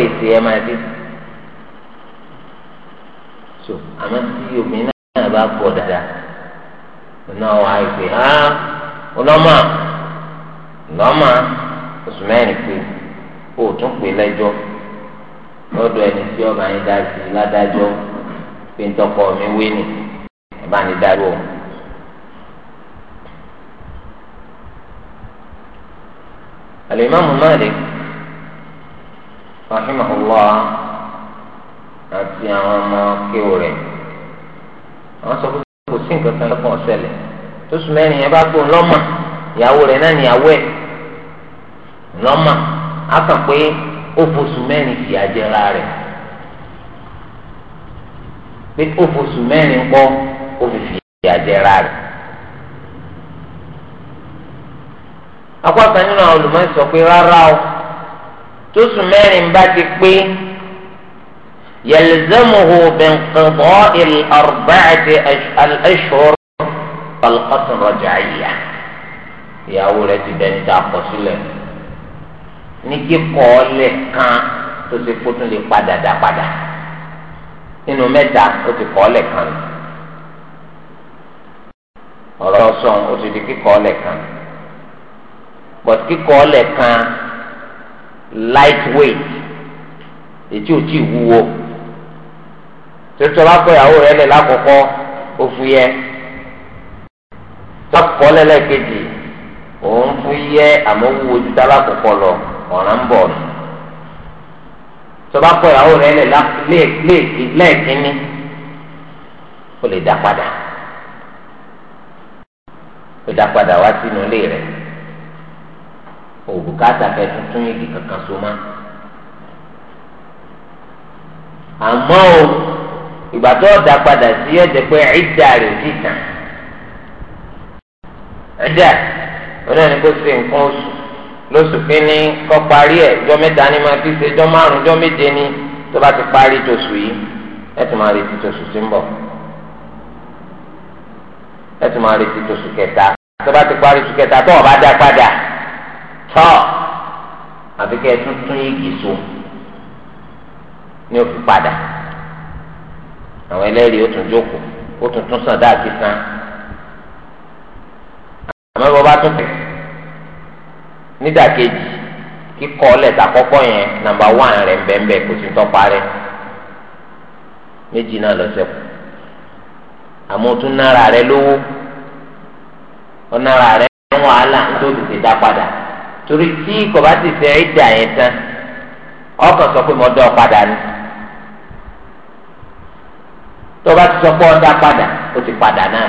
so àmọ́ tí náà bá dáadáa náà wà á ọlọ́mà lọ́mà oṣù mẹ́rin pé kó o tún pè lẹ́jọ́ lọ́dọ̀ ẹni tí ọba yẹn dá sí ládájọ́ pé ntọ́kọ mi wé ni ẹ bá ní dáró. alimami Malik rahimahullah àti àwọn ọmọ àwọn sọ kò sí nǹkan kan lọ́kàn tóṣù mẹ́rin yẹn bá gbó lọ́mà ìyàwó rẹ̀ náà níyàwó ẹ̀ lọ́mà á kàn pé ó fòṣù mẹ́rin fìyà jẹra rẹ̀ pé ó fòṣù mẹ́rin kọ́ ó fi fìyà jẹra rẹ̀. akọ́kàn nínú àwọn olùmọ̀ọ́sọ pé rárá o tóṣù mẹ́rin bá ti pé yẹlẹzẹmuhu bẹnkẹbọ ìlọrọbàtì alẹṣọr talqatun raj'iyya ìyàwó rẹ̀ ti bẹni tá a kọ sílẹ̀ ní kíkọ ọlẹ kan tó ti kó tún lè padà dá padà nínú mẹ́ta ó ti kọ ọlẹ kan ọ̀rọ̀ sọ̀n ó ti di kíkọ ọlẹ kan but kíkọ ọlẹ kan light weight ètí ò tí ì wúwo tó tọ́ bá kọ ìyàwó rẹ̀ lẹ̀ lákọ̀ọ́kọ́ ó fu yẹ. tọkọ lẹlẹkejì òun fún yẹ àmọ́ wúwo ju dala kọkọ lọ ọ̀ràn bọ nù tọba kọ ìyàwó rẹ lẹ lẹ́ẹ̀kínní o lè dá padà o dá padà wá sínú tuntun igi kankan so má àmọ́ o ìgbà tó dá padà sí ẹ̀jẹ̀ pé ẹ̀dá ti tàn. ẹ̀dá ọ̀nà ni kò ṣe nǹkan oṣù lóṣù kínní kọ parí ẹ̀ jọ́ ni máa fi ṣe jọ́ márùn-ún méje ni tó bá ti parí tòṣù yìí ẹ̀ máa retí tòṣù tí ń bọ̀ ẹ̀ máa retí tòṣù kẹta tó bá ti parí tòṣù kẹta tó o dá padà tọ́ àfi kẹ́ ẹ igi so ní òfin padà àwọn ẹlẹ́rìí ó tún san. àmọ́ bọ́ bá tún fẹ́ nídàkejì kíkọ́ lẹ́tà kọ́kọ́ yẹn nàmbà wán rẹ̀ bẹ́ẹ̀nbẹ́ẹ̀ kò sí tọ́pa rẹ̀ méjì náà lọ́sẹ̀ kù àmọ́ tún nára rẹ̀ lówó ọ̀nàrà rẹ̀ ń wàhálà tó tètè dá padà torí tí kò bá ti fẹ́ ìdà yẹn tán ọkàn sọ pé mo dán padà ni tó bá ti sọ pé dá padà ó ti padà náà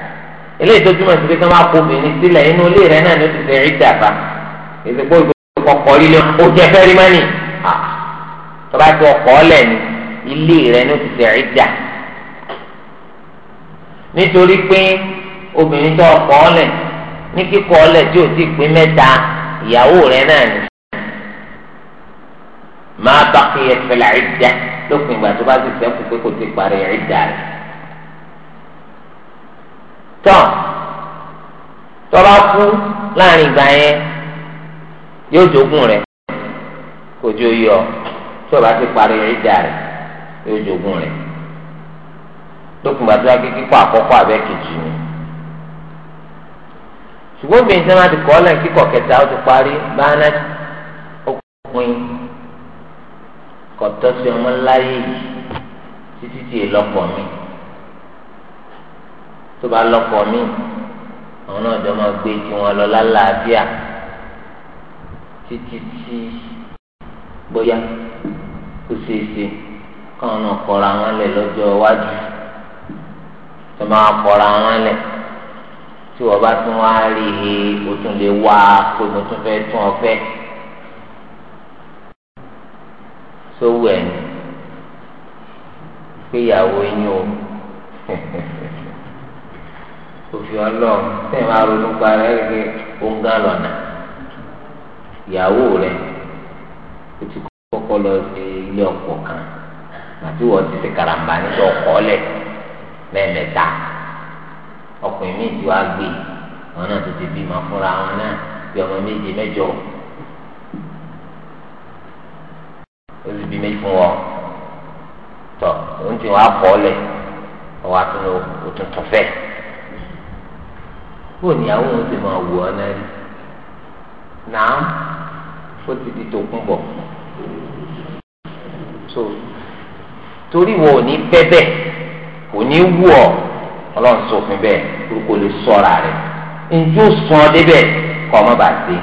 eléyìí tó túmọ̀ sí pé kí wọ́n máa kó obìnrin sílẹ̀ inú ilé rẹ̀ náà ní oṣù tẹ̀ rí dàgbà ìsìnkú ìgbésẹ̀ kọ̀ọ̀kọ̀ líle ó jẹ́ fẹ́rí mọ́nì tọ́ba tó ọkọ̀ ọ̀lẹ̀ ni ilé rẹ̀ ní oṣù tẹ̀ rí dà nítorí pé obìnrin tó ọkọ̀ ọ̀lẹ̀ ní kíkọ̀ ọ̀lẹ̀ tí ò ti pín mẹ́ta ìyàwó rẹ̀ náà ni máa bá kí ẹ fẹ́lẹ̀ rí dà lópin ìgbà tó bá ti sẹ́kù pé kò ti parí rí dà rẹ̀ tán tọ́ba kú láàrin ìgbà yẹn yóò jogún rẹ̀ kò yọ tọ́ba ti parí ìdá rẹ̀ yóò jogún rẹ̀ lókùnbà tó wá gé àkọ́kọ́ abẹ́ kejì ni ṣùgbọ́n obìnrin tí wọ́n ti kọ́ lẹ́yìn kíkọ́ kẹta ó ti parí báná ọkùnrin kọ̀tọ́ sí yìí títí tí èlọ́pọ̀ mi tó bá lọ́kọ mi àwọn náà jọ máa gbé tí wọn lọ lálàáfíà títí tí bóyá kó ṣeé ṣe káwọn náà kọra wọn lẹ lọ́jọ́ iwájú tó máa kọra wọn lẹ tí wọn bá tún wá rí i o tún lè wá pé mo tún fẹ́ tún ọ sówù ẹ̀ pé ìyàwó yín o. [LAUGHS] òfin ọlọ́run tẹ̀ máa ronú pa rẹ̀ gẹ́gẹ́ ọ̀ǹgá lọ́nà ìyàwó rẹ̀ o ti kọ́kọ́ lọ sí ilé ọ̀pọ̀ kan àti wọ́n ti ṣe karamba nígbà ọ̀kọ́ lẹ̀ mẹ́ẹ̀mẹ́ta ọkùnrin míì ti wá gbé wọn náà tó ti bímọ fúnra wọn náà bí ọmọ méje mẹ́jọ ó sì bí méjì fún wọn tọ òun ti wọn lẹ̀ ọwọ́ àtúntò òtútù fẹ́ẹ́ bóò ní àwọn ohun ti máa wù ọ náà rí náà ó ti di tókun bọ̀ so torí wo ò ní bẹ́bẹ̀ kò ní wù ọ ọlọ́run sọfin bẹ́ẹ̀ kúrúkú lè sọ́ra rẹ̀ njó sùn ọ débẹ̀ kọ́ ọ má bàa dé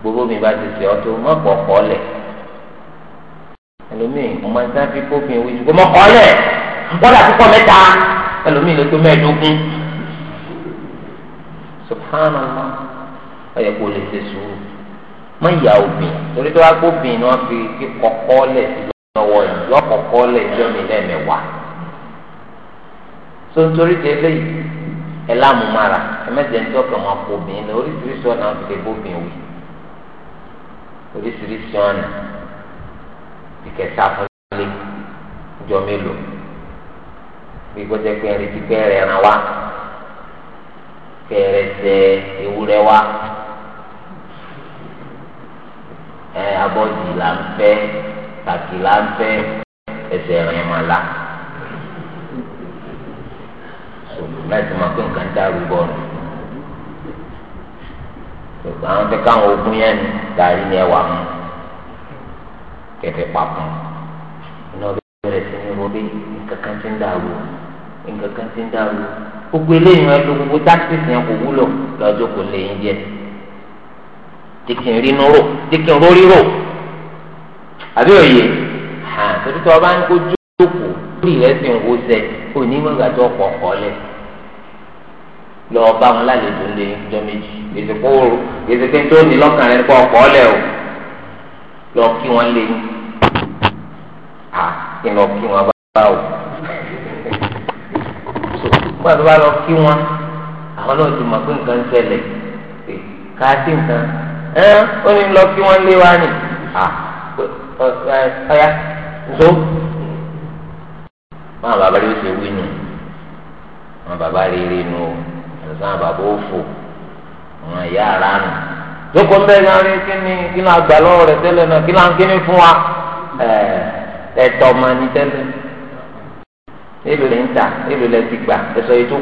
gbogbo mi bá ti sè ọ tó má pọ̀ kọ́ lẹ̀ ẹlòmíì mo máa ń sáfi kófin ìwé ju kó mọ́ kọ́ lẹ̀ wọ́n dà púpọ̀ mẹ́ta ẹlòmíì lè tó mẹ́ẹ̀ẹ́dógún subhanallah ọyẹ kó lè ṣe sùúrù má yà òbìn torí tó wá gbóbìn ni wọn fi kọ́kọ́ lẹ sí lọ́wọ́ yìí yọ kọ́kọ́ lẹ jọ mi lẹ́ẹ̀mẹwà so nítorí tẹ eléyìí ẹ lámùmára ẹ mẹjẹ ní tọkàn máa kó obìnrin lọ oríṣiríṣi ọ̀nà àwọn fi lè bóbìn wí oríṣiríṣi ọ̀nà ìkẹsà fún ìjọ mélòó bí gbọ́dọ̀ pé ẹni tí pé ẹran wá kẹrẹsẹ ewúrẹ́ wa ẹ abọ́dì là ń fẹ́ kàkì là ń fẹ́ ẹsẹ̀ rìn mà la láti máa pé nǹkan dàrú bọ̀ ni àwọn fẹ́ káwọn ogun yẹn ni gàrí ni ẹwà mu kẹfẹ́ papọ̀ iná bẹ̀rẹ̀ sí ní rọ́bì nǹkan kan ti ń dàrú nǹkan kan ti ń dàrú gbogbo eléyìí wọn lo gbogbo tactics yẹn kò wúlò lọ́jọ́ kò lè ń jẹ dikin rinu ro dikin rori ro àbí òye hàn torí tí wọn bá ń kó jókòó lórí rẹ sì ń wo sẹ òní mọ̀gá tó kọ̀ọ̀kọ̀ lẹ̀ lọ́ọ́ bá wọn lálejò lé jọ méjì èsì kóoru èsì pé tó ní lọ́kàn rẹ kọ́ ọ̀kọ́ lẹ̀ o lọ́ọ́ kí wọ́n lé yín à kí lọ́ọ́ kí wọ́n bá wò nígbà tó bá lọ kí wọn àwọn náà ti mọ̀ pé nǹkan ń ṣẹlẹ̀ pé ká sí nǹkan ẹ ó ní lọ kí wọn lé wa nì ọ̀ya nso máa bàbá rí o ṣe wí nù máa bàbá rí rí nù ẹ̀sán bàbá ó fò wọn ìyá ara nù jókòó ń bẹ́ẹ̀ náà rí kí ni kí ni àgbà rẹ̀ tẹ́lẹ̀ náà kí ni à ń kí ni fún wa ẹ̀ẹ́dẹ̀tọ̀ ọmọ ni tẹ́lẹ̀. èlò lè ń tà èlò ti gbà ẹsọ yìí tó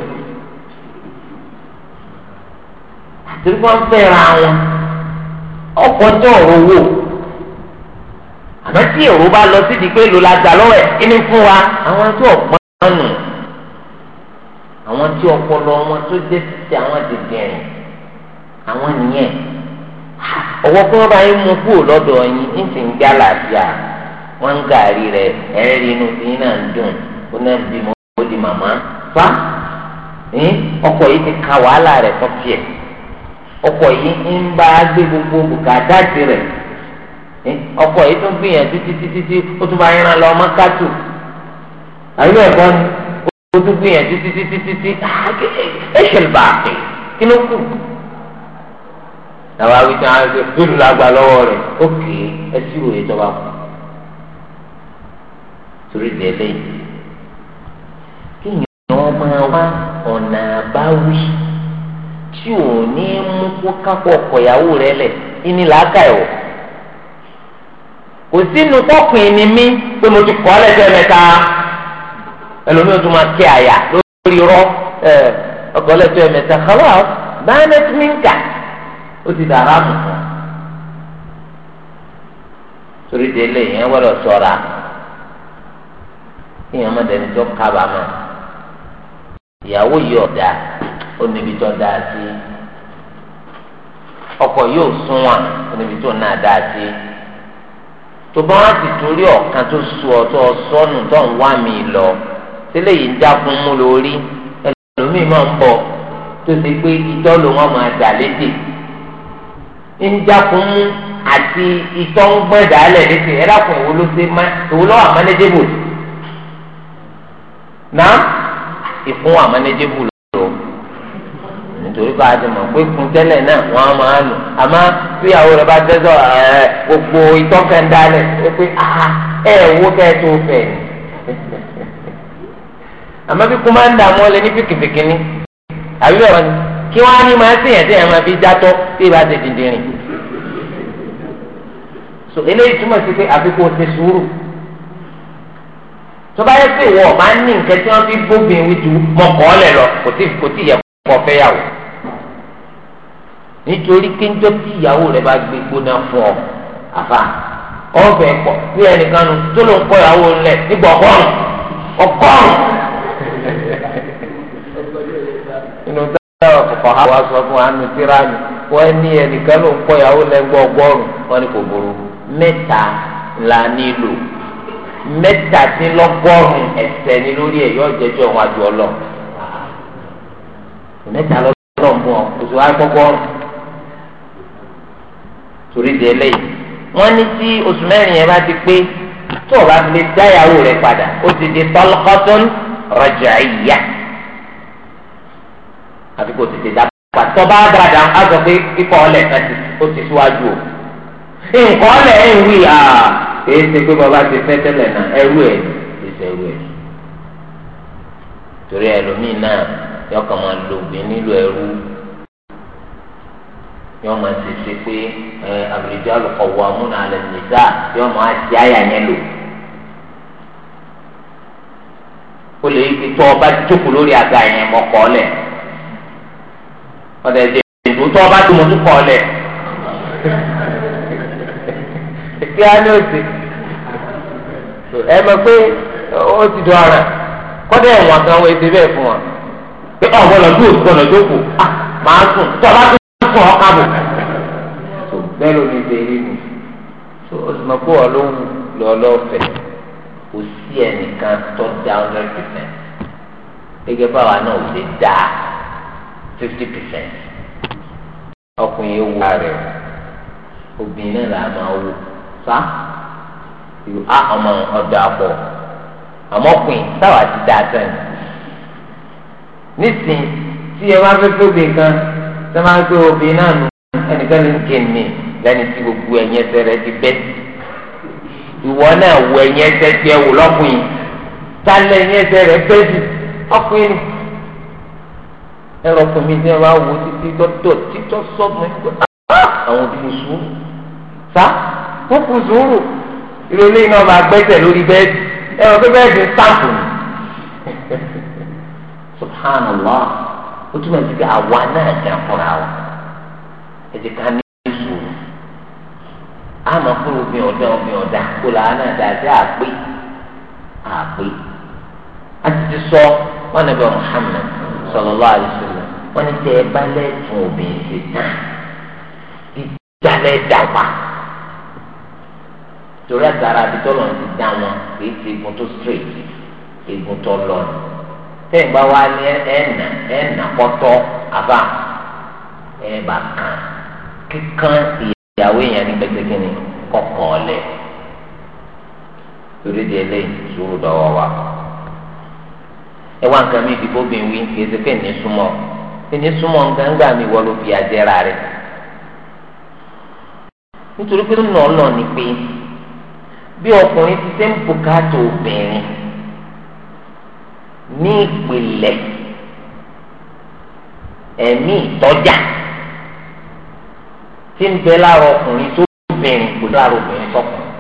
torí wọn fẹ́ra wọn ọkọ̀ tó ọ̀rọ̀ wò àmọ́ tí èrò bá lọ sídìí pé èlò la gbà lọ́wọ́ ẹ̀ kí fún wa àwọn tó ọ̀pọ̀ nù àwọn tí ọpọlọ wọn tó dé títí àwọn dìgbẹ̀rìn àwọn nìyẹn ọwọ́ kí wọ́n bá yín mú kúrò yín ń gbá làbíà ń gàrí oná di mọ ó di màmá fa ọkọ yìí ti ka wàhálà rẹ̀ tọkì ẹ ọkọ yìí ń bá gbé gbogbo bùkátà tirẹ̀ ọkọ yìí tún gbìyànjú títí títí ó tún bá yẹn lọ mọ́kàtù àyè ẹ̀kọ́ ni ó tún gbìyànjú títí títí títí ah, ẹ ṣẹlẹ̀ bàtì kí ló kù làwọn awitọ àwọn ẹgbẹ́ tó lula gba lọ́wọ́ rẹ̀ ókè ẹ sì wòye tó bá kù torí délé yìí èèyàn máa wá ọ̀nà àbáwí tí ò ní mú kó kápọ̀ ọ̀kọ̀yàwó rẹ lẹ̀ ìní làákà ẹ̀wọ̀ kò sínú kọ́kùn ìní mi pé mo ti kọ́ lẹ́sẹ̀ mẹ́ta o tó máa kí àyà lórí rọ ọkọ̀ lẹ́sẹ̀ mẹ́ta kọ́lá bánẹ́tì mínkà ó ti dàrá mọ̀ fún torí délé yẹn wọ́n lọ sọ̀ra kí yẹn má dẹni tó kábàámọ̀. ìyàwó yìí ọ̀dà ó tó sí ọkọ yóò sunwọ̀n ó níbi tó náà sí tó torí ọ̀kan tó sọ ọ̀tọ̀ sọnù tó ń wá mi lọ sílè yìí ń dákun mú lórí ẹlòmíì máa ń bọ̀ tó ti pé ìtọ́ ló ń àti ìtọ́ ń gbọ́n lédè ẹ dákun ìkún àmánẹ́jẹ́bù lò nítorí bá a ti mọ̀ pé kun tẹ́lẹ̀ náà wọ́n á máa lò àmọ́ bí àwọn rẹ̀ bá tẹ́sọ̀ gbogbo ìtọ́fẹ́ ń dálẹ̀ ẹ pé ah, ẹ wo kẹ́ ẹ tó fẹ́ [LAUGHS] àmọ́ bí kun máa ń dààmú ọ lé ní pìkìpìkì ni àbí bẹ́ẹ̀ ni kí wọ́n á ní máa sèyàn tí èèyàn máa fi játọ́ tí ì bá ti dìndìn rìn so eléyìí túmọ̀ sí pé àfikún ti sùúrù tó bá yẹ pé ìwọ ọba ní nǹkan tí wọn fi bóbin wíjú mọkànlẹ lọ kò tí kò tí yẹ kọ fẹ́yàwó nítorí kéńjọ tí ìyàwó rẹ bá gbé gbóná fún ọ àfa ọbẹ pọ bí ẹnìkan nu tó ló ń kọ ìyàwó ńlẹ nígbà ọgọ́rùn ọgọ́rùn inú kọkọ ha wá sọ fún wa nù síra wọn ní ẹnìkan ló ń kọ ìyàwó wọn mẹ́tàdínlọ́gọ́rùn ẹ̀ṣẹ̀ ni lórí ẹ̀ yóò jẹ́jọ́ òun àjọ ọlọ mẹ́tàlọ́gọ́rùn fún ọ oṣù àgbọgọrùn torí di eléyìí wọ́n ní tí oṣù mẹ́rin yẹn bá ti pé tó o bá lè dáyàwó rẹ̀ padà ó ti di talqatun raj'iyya àti kò tètè dá pa tó bá dàda á kíkọ́ ọ̀lẹ̀ kan ó ti síwájú o nǹkan ọ̀lẹ̀ ń wí àá. e ṣe pé bọba ti fẹ́ tẹ́lẹ̀ náà ẹrú ẹ ti ẹrú ẹ torí ẹlòmíì náà yọkàn máa lo obìnrin nílò ẹrú yọ máa ti ṣe pé ẹ àbùrìjọ àlùkò nìta yọ máa ṣe àyà yẹn lò ó lè fi ọba jókòó lórí aga yẹn mọ́ kọ́ lẹ̀ ọ̀dẹ̀ dẹ̀ ọba tó mọ́ tó kọ́ lẹ̀ [LAUGHS] ẹ mọ̀ pé ó ti dọ̀ ara kọ́dẹ̀ ẹ̀wọ̀n kan wọ́n ti bẹ́ẹ̀ fún wa pé ọ̀gbọ́dọ̀ tó gbọ́dọ̀ tó kù á máa sùn tọ́lá tó sùn ọ̀ka bò. tó bẹ́ẹ̀ ló ní bẹ́ẹ̀ nínú tó o sì mọ̀ pé wọ́n ló ń lọ lọ́fẹ̀ẹ́ kò sí ẹnìkan tó dá hundred percent gẹ́gẹ́ báwa náà ò lè dá fifty percent ọkùnrin ewu rẹ̀ obìnrin náà là máa wò sá ìlú ah, a ọmọ ọdọ àpọ àmọ́ pin táwa ti dáa sẹ́yìn nísìnyí tí ẹ bá fẹ́ tóbi kan tẹ máa gbé obìnrin náà nù ẹnìkan ní kéènì lẹ́ni tí gbogbo ẹ̀yìn ẹsẹ̀ rẹ ti bẹ́ ìwọ náà wọ ẹ̀yìn ẹsẹ̀ tiẹ̀ wò lọ́kùnrin tá lẹ́yìn ẹsẹ̀ rẹ bẹ́ jù ọkùnrin ni ẹrọ fún mi ní ẹwà wo títí dọdọ títọ sọgbọn ah, àwọn òkú sùúrù sá òkú sùúrù irú eléyìí náà máa gbẹ́sẹ̀ lórí bẹ́ẹ̀dì ẹ wọ́n pé bẹ́ẹ̀dì ń sáàpù ni subhanallah ó túmọ̀ sí pé àwa náà jẹ́ fúnra wa ẹ jẹ́ ká ní ìṣòro àmọ́ fún obìnrin ọ̀dá obìnrin ọ̀dá kó làá náà dá sí àpé àpé a ti ti sọ wọn nàbẹ Muhammad sallallahu alaihi wasallam wọn ní tẹ ẹ bá lẹ́tùn obìnrin ṣe tán ìdálẹ́ dàgbà torí àtàrà àbítọ́lọ̀ ti dá wọn kìí ti egun tó straight egun tó lọ tẹ́yìn bá wá ní ẹ̀nà ẹ̀nà pọ́tọ́ àbá ẹ̀ bá kíkan ìyàwó èèyàn ní pẹ́tẹ́kẹ́ ni kọ̀kọ́ lẹ̀ torí di eléyìí sùúrù dọ́wọ́ wa ẹ wá nǹkan mi ìdìbò bẹ̀ wí kìí ṣe pé ní súnmọ́ ní súnmọ́ nǹkan gbà mí ló fi àjẹrà rẹ̀ nítorí pé nínú ọlọ́ọ̀ ni pé bí ọkùnrin ti ṣe ń bùkátà obìnrin ní ìpìlẹ̀ ẹ̀mí ìtọ́jà tí ń bẹ lára ọkùnrin tó bìnrin kò lára obìnrin sọkùnrin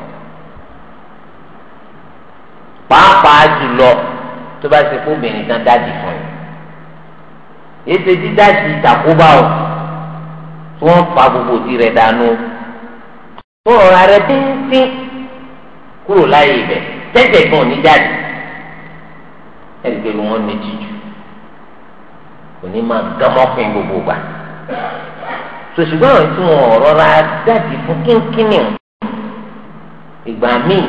pàápàá jùlọ tó bá ṣe kó obìnrin kan dájì fún yìí ètò dídájì ìtàkùbà ò tí wọ́n fa gbogbo tirẹ̀ dànù tó rọra rẹ bíntín kúrò láyé ibẹ̀ tẹ́tẹ̀ kan ò ní jáde ẹgbẹ̀rún wọn ní jíjù kò ní máa gámọ́pin gbogbo gbà sòṣùgbọ́n àwọn tí wọn ọ̀rọ̀ ra jáde fún kínkínní ìgbà míì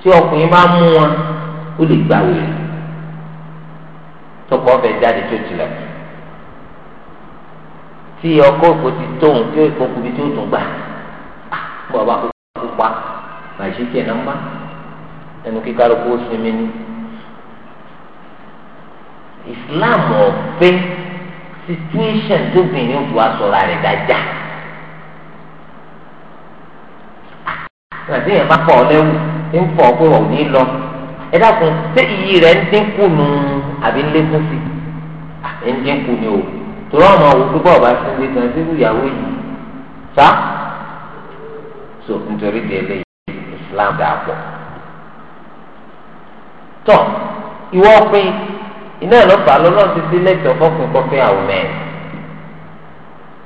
tí ọkùnrin bá mú wọn ó lè gbà wèrè tọkọ ọfẹ jáde tó tilẹ̀ tí ọkọ òkú ti tóun tí ó kókó bí tí ó tún gbà ah, bọ̀ bá kókó pa. màṣíkè nọmba ẹnu kí kálukú ó sinmi ní islam ọ̀fẹ́ situation tó bìnrin òfò asọ̀rọ̀ rẹ̀ dájà àti èèyàn bá pọ̀ lẹ́wù ń pọ̀ pé ò ní lọ ẹ dákun ṣé iyì rẹ̀ ń dínkù nù àbí ń lékún sí i ń dínkù ni o torí ọmọ òwò pé bọ́ọ̀ bá ti ń lé tán islam dà pọ̀ tọ́ ìwọ pé iná ìlọ́pàá lọ́lọ́run ti dé lẹ́tọ̀ọ́ fọ́kùn kọfẹ́ àwọn mẹ́rin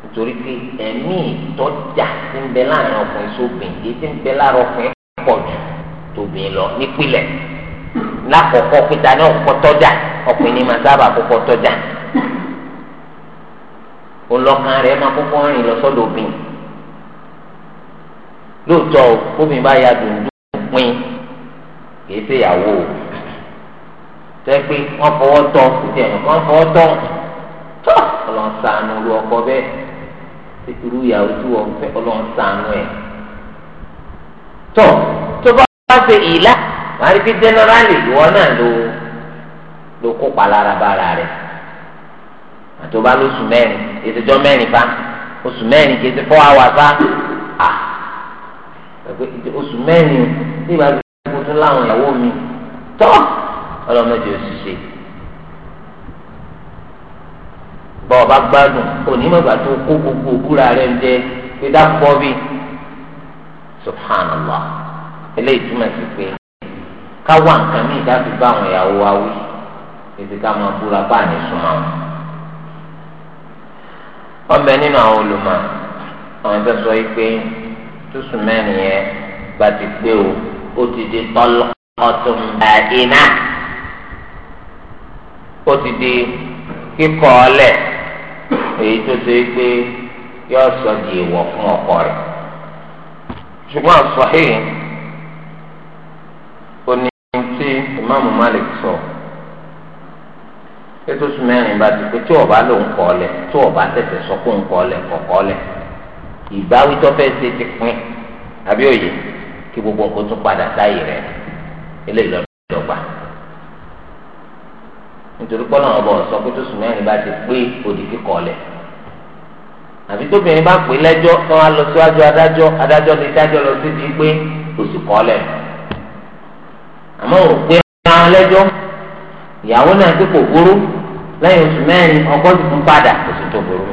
nítorí pé ẹ̀mí ìtọ́jà ti ń bẹ láàrin ọkùnrin sóbìn èyí ti ń bẹ láàrin ọkùnrin pọ̀ jù tóbi lọ nípìnlẹ̀ lákọ̀ọ́kọ́ pété ní ọ̀kọ́ tọ́jà ọkùnrin ni màá sábà kọ́kọ́ tọ́jà ọlọ́kan rẹ̀ máa kọ́kọ́ rìn lọ sọ́dọ̀ obìnrin lóòótọ́ obìnrin bá ya dùndún pin kìí ṣe ìyàwó o tẹ́ pé wọ́n fọwọ́ tọ́ tẹ̀ wọ́n fọwọ́ tọ́ tọ́ ọlọ́run lu ọkọ bẹ́ẹ̀ irú ìyàwó tí wọ́n fẹ́ ọlọ́run ẹ̀ tọ́ tó bá wá ṣe ìlà wàá rí bí jẹ́nẹ́rálì ìwọ náà ló ló kópa lára bára rẹ̀ àtọ́bá lóṣù mẹ́rin ètòjọ́ mẹ́rin bá oṣù mẹ́rin kìí ṣe fọ́ àwàsá à ẹgbẹ́ ìdí oṣù mẹ́rin tí ìbá ti kó tún láwọn ìyàwó mi tọ́ ọlọ́mọdé oṣù ṣe. bọ́ ọba gbádùn onímọ̀gbà tó kó gbogbo òkúra rẹ̀ ń jẹ pé dápọ̀ bí subhanallah eléyìí túmọ̀ sí pé ká wá nǹkan ní ìdábì bá àwọn ìyàwó wa wí ètò ká máa búra bá àní súnmọ́ wọn. ọbẹ̀ nínú àwọn olùmọ̀ àwọn ẹgbẹ́ sọ yìí pé tóṣù mẹ́rin yẹn bá ti pé o ó ti di tọ́lọ́kọ́tún bàdínà ó ti di kíkọ́ ọlẹ̀ èyí tó ṣe é pé yóò sọ di èèwọ̀ fún ọkọ rẹ̀ ṣùgbọ́n àsọ̀hìn ó tí ìmáàmù Malik sọ pé tóṣù mẹ́rin bá ti pé tí ọba ló ń kọ́ ọlẹ̀ tí ọba tẹ̀sẹ̀ sọ pé ń kọ́ ọlẹ̀ kọ̀ọ̀kọ́ ọlẹ̀ ìbáwí tó fẹ́ ṣe ti pin àbí òye kí gbogbo ọkọ tún padà sáyè rẹ eléyìí lọ́dọ̀ gbà nítorí pọ́nà ọ̀bọ̀ sọ pé tó sùn mẹ́rin bá ti pé òdì kíkọ́ lẹ̀ àbí tóbìnrin bá pè lẹ́jọ́ tó wá lọ síwájú adájọ́ adájọ́ lè dájọ́ lọ sí ti pé oṣù kọ́ lẹ̀ àmọ́ ò pé ara lẹ́jọ́ ìyàwó náà ti kò burú lẹ́yìn oṣù mẹ́rin ọkọ ti tún padà oṣù tó burú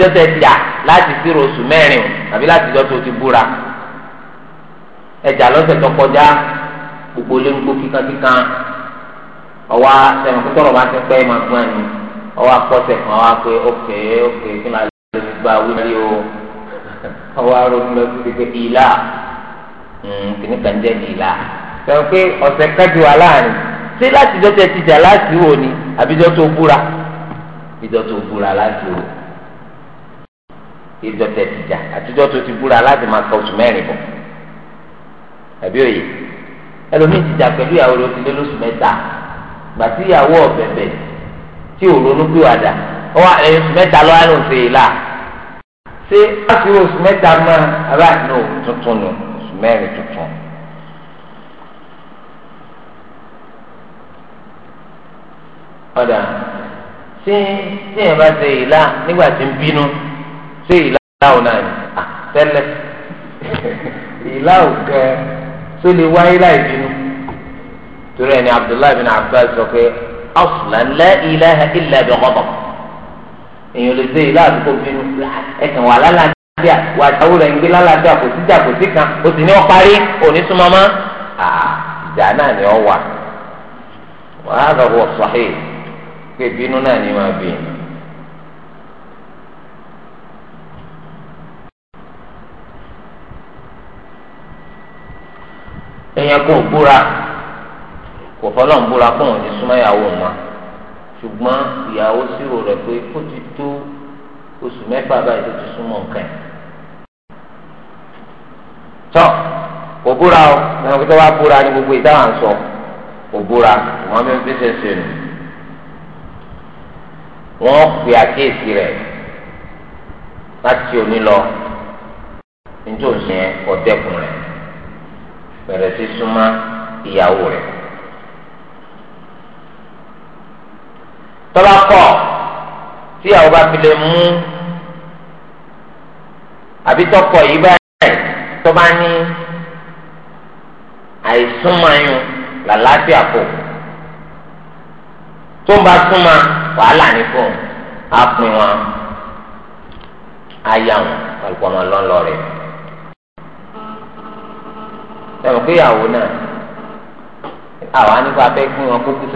jọ́tẹ̀ dà láti sírò oṣù mẹ́rin tàbí láti jọ́tẹ̀ o ti búra ẹjà lọ́sẹ̀ tó kọjá gbogbo lé ń gbó kíkankíkan ọwọ́ sẹ́mi kó tọrọ bá ti pẹ́ máa gbọ́n ni ọwọ́ akọ́sẹ̀ kan wá pé ókè ókè kí ni alẹ́ ló ti gba wíwí o [LAUGHS] ọwọ́ arọ́nú lọ sí pé ìlà hmm, kìnnì kan jẹ́ ìlà sẹ́mi pé ọ̀sẹ̀ kájú wa láàrin ṣé láti jọ́tẹ̀ ti jà láti wò ni àbíjọ́ tó búra àbíjọ́ tó búra láti wò ìjọ tẹ̀síjà àtijọ́ tó ti búra láti máa ka oṣù mẹ́rin bọ̀ àbí òye ẹlòmíì ti jà pẹ̀lú ìyàwó rẹ̀ ó ti lé lóṣù mẹ́ta gbà tí ìyàwó ọ̀bẹ̀bẹ̀ tí ò ronú pé wàdà ọwọ́ àlẹ́ oṣù mẹ́ta lọ́wọ́ ló ń ṣe ìlà ṣé láti oṣù mẹ́ta máa ará ìnáwó tuntun nù oṣù mẹ́rin tuntun. ọ̀dà ṣé tí èèyàn bá ṣe ìlà nígbà tí ń bínú ṣé ìlàwọ̀ náà ni tẹ́lẹ̀ ìlàwọ̀ kẹ́ tó lè wáyé láì bínú torí ẹni Abdullahi bin Abbas sọ pé aslan la ilaha illa bi ghadab èèyàn lè ṣe ìlàwọ̀ kó bínú ẹ̀sìn wà lálàáfíà wà táwù rẹ̀ ń gbé lálàáfíà kò sí jà kò sí kan o sì ní ọ parí òní súnmọ́ mọ́ ìjà náà ni ọ wà wàhálà wọ sahih pé bínú náà ni wọ́n bí ẹ̀yàn kò búra kò fọlọ́ ń búra fún òun ní súnmọ́ ìyàwó wọn ṣùgbọ́n ìyàwó sírò rẹ̀ pé ó ti tó oṣù mẹ́fà báyìí tó ti súnmọ́ nǹkan ẹ̀. tọ́ kò búra o ẹ̀yàn kò tó wá búra ní gbogbo ìdáhà ń sọ kò búra wọ́n mi fi ṣe ṣe nù. wọ́n pè àkíyèsí rẹ̀ láti òní lọ nítorí ọ̀dẹ́kùn rẹ̀ bẹ̀rẹ̀ sí súnmọ́ ìyàwó rẹ̀. tọ́lá kọ̀ tí àwọn bá fi lè mú àbí tọkọ yìí báyìí tó bá ní àìsúnmọ́yún làlàáfíà kò tó ń bá súnmọ́ wàhálà ní fún un á pin wọn á yà wọn alùpùpù ọmọ lọ́nlọ́ rẹ̀. ẹ̀rù pé ìyàwó náà àwa nípa abẹ́ fún wọn kó kú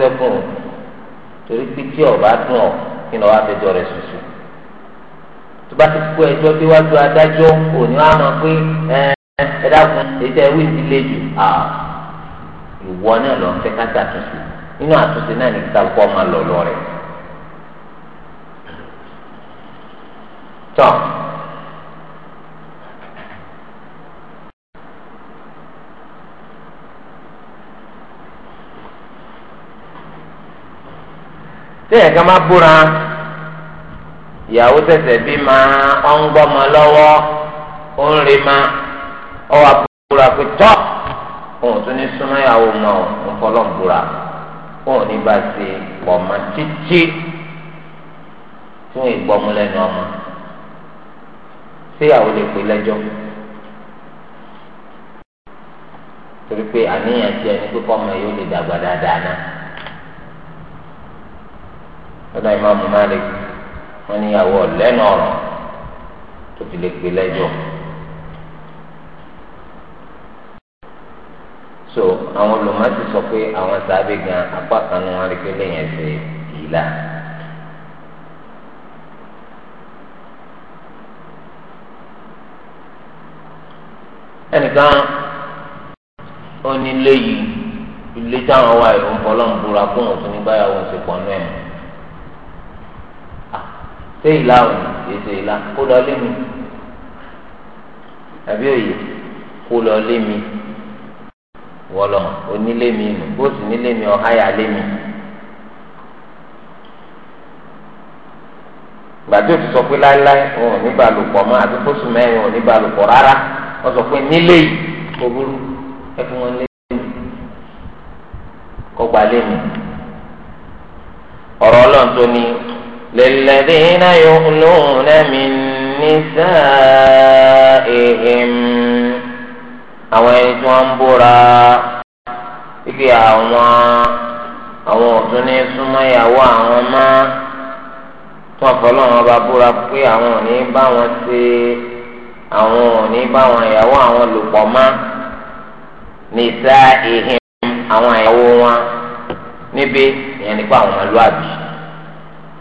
torí pé tí ọba dùn ọ kí ni rẹ̀ ṣùṣù tó bá ti kó ẹjọ́ déwájú adájọ́ òní wàá pé ìdílé jù ìwọ náà lọ ká nínú àtúnṣe náà ní kíkàlùkù lọ lọ́lọ́ rẹ̀ tán. téèyàn kan máa búra ìyàwó tẹ̀sẹ̀ bí máa ọ̀ ń gbọ́mọ lọ́wọ́ ó ń rí ma ọ̀ wá búra pé tọ́ òun tún ní súnmọ́ ìyàwó mọ́ òun fọlọ́ búra òun ní bá ṣe pọ̀ mọ́ títí fún ìgbọ́mọlẹ́nu ọmọ síyàwó lè pè lẹ́jọ́ torí pé àníyàn ti ẹni pé kọ́ ọmọ yóò lè dàgbà dáadáa náà lọ́dọ̀ ìmáàmù Malik ni níyàwó ọ̀lẹ́nu ọ̀rọ̀ tó fi lè gbé lẹ́jọ́. so àwọn olùmọ̀ọ́sí sọ pé àwọn sábẹ́ gan apá kan ní wọ́n rí pé lẹ́yìn ẹsẹ̀ ìlà. ẹnìkan ó ní ilé yìí ilé táwọn wà yìí ń fọlọ́n búra kó wọn ní báyàwó ń ṣe pọ̀ náà ṣé ìlà ò ní ètò ìlà kó lọ lé mi àbí òye kó lọ lé mi wọlọ onílé mi nù bó sì nílé mi ọ̀háyà lé mi. gbàdúrà ti sọ pé láéláé òun ò ní balùpọ̀ mọ́ àti fóṣù mẹ́rin òun ò ní balùpọ̀ rárá wọ́n sọ pé nílé yìí kò burú ẹ wọn lé kó gba lé mi. ọ̀rọ̀ ọlọ́run tó ní للذين يؤلون من نسائهم àwọn ẹni tí wọ́n ń búra wípé àwọn àwọn ọ̀tún ní súnmọ́ ìyàwó àwọn má àwọn ò bá wọn ìyàwó àwọn má nìsa ìhìn àwọn ìyàwó wọn níbi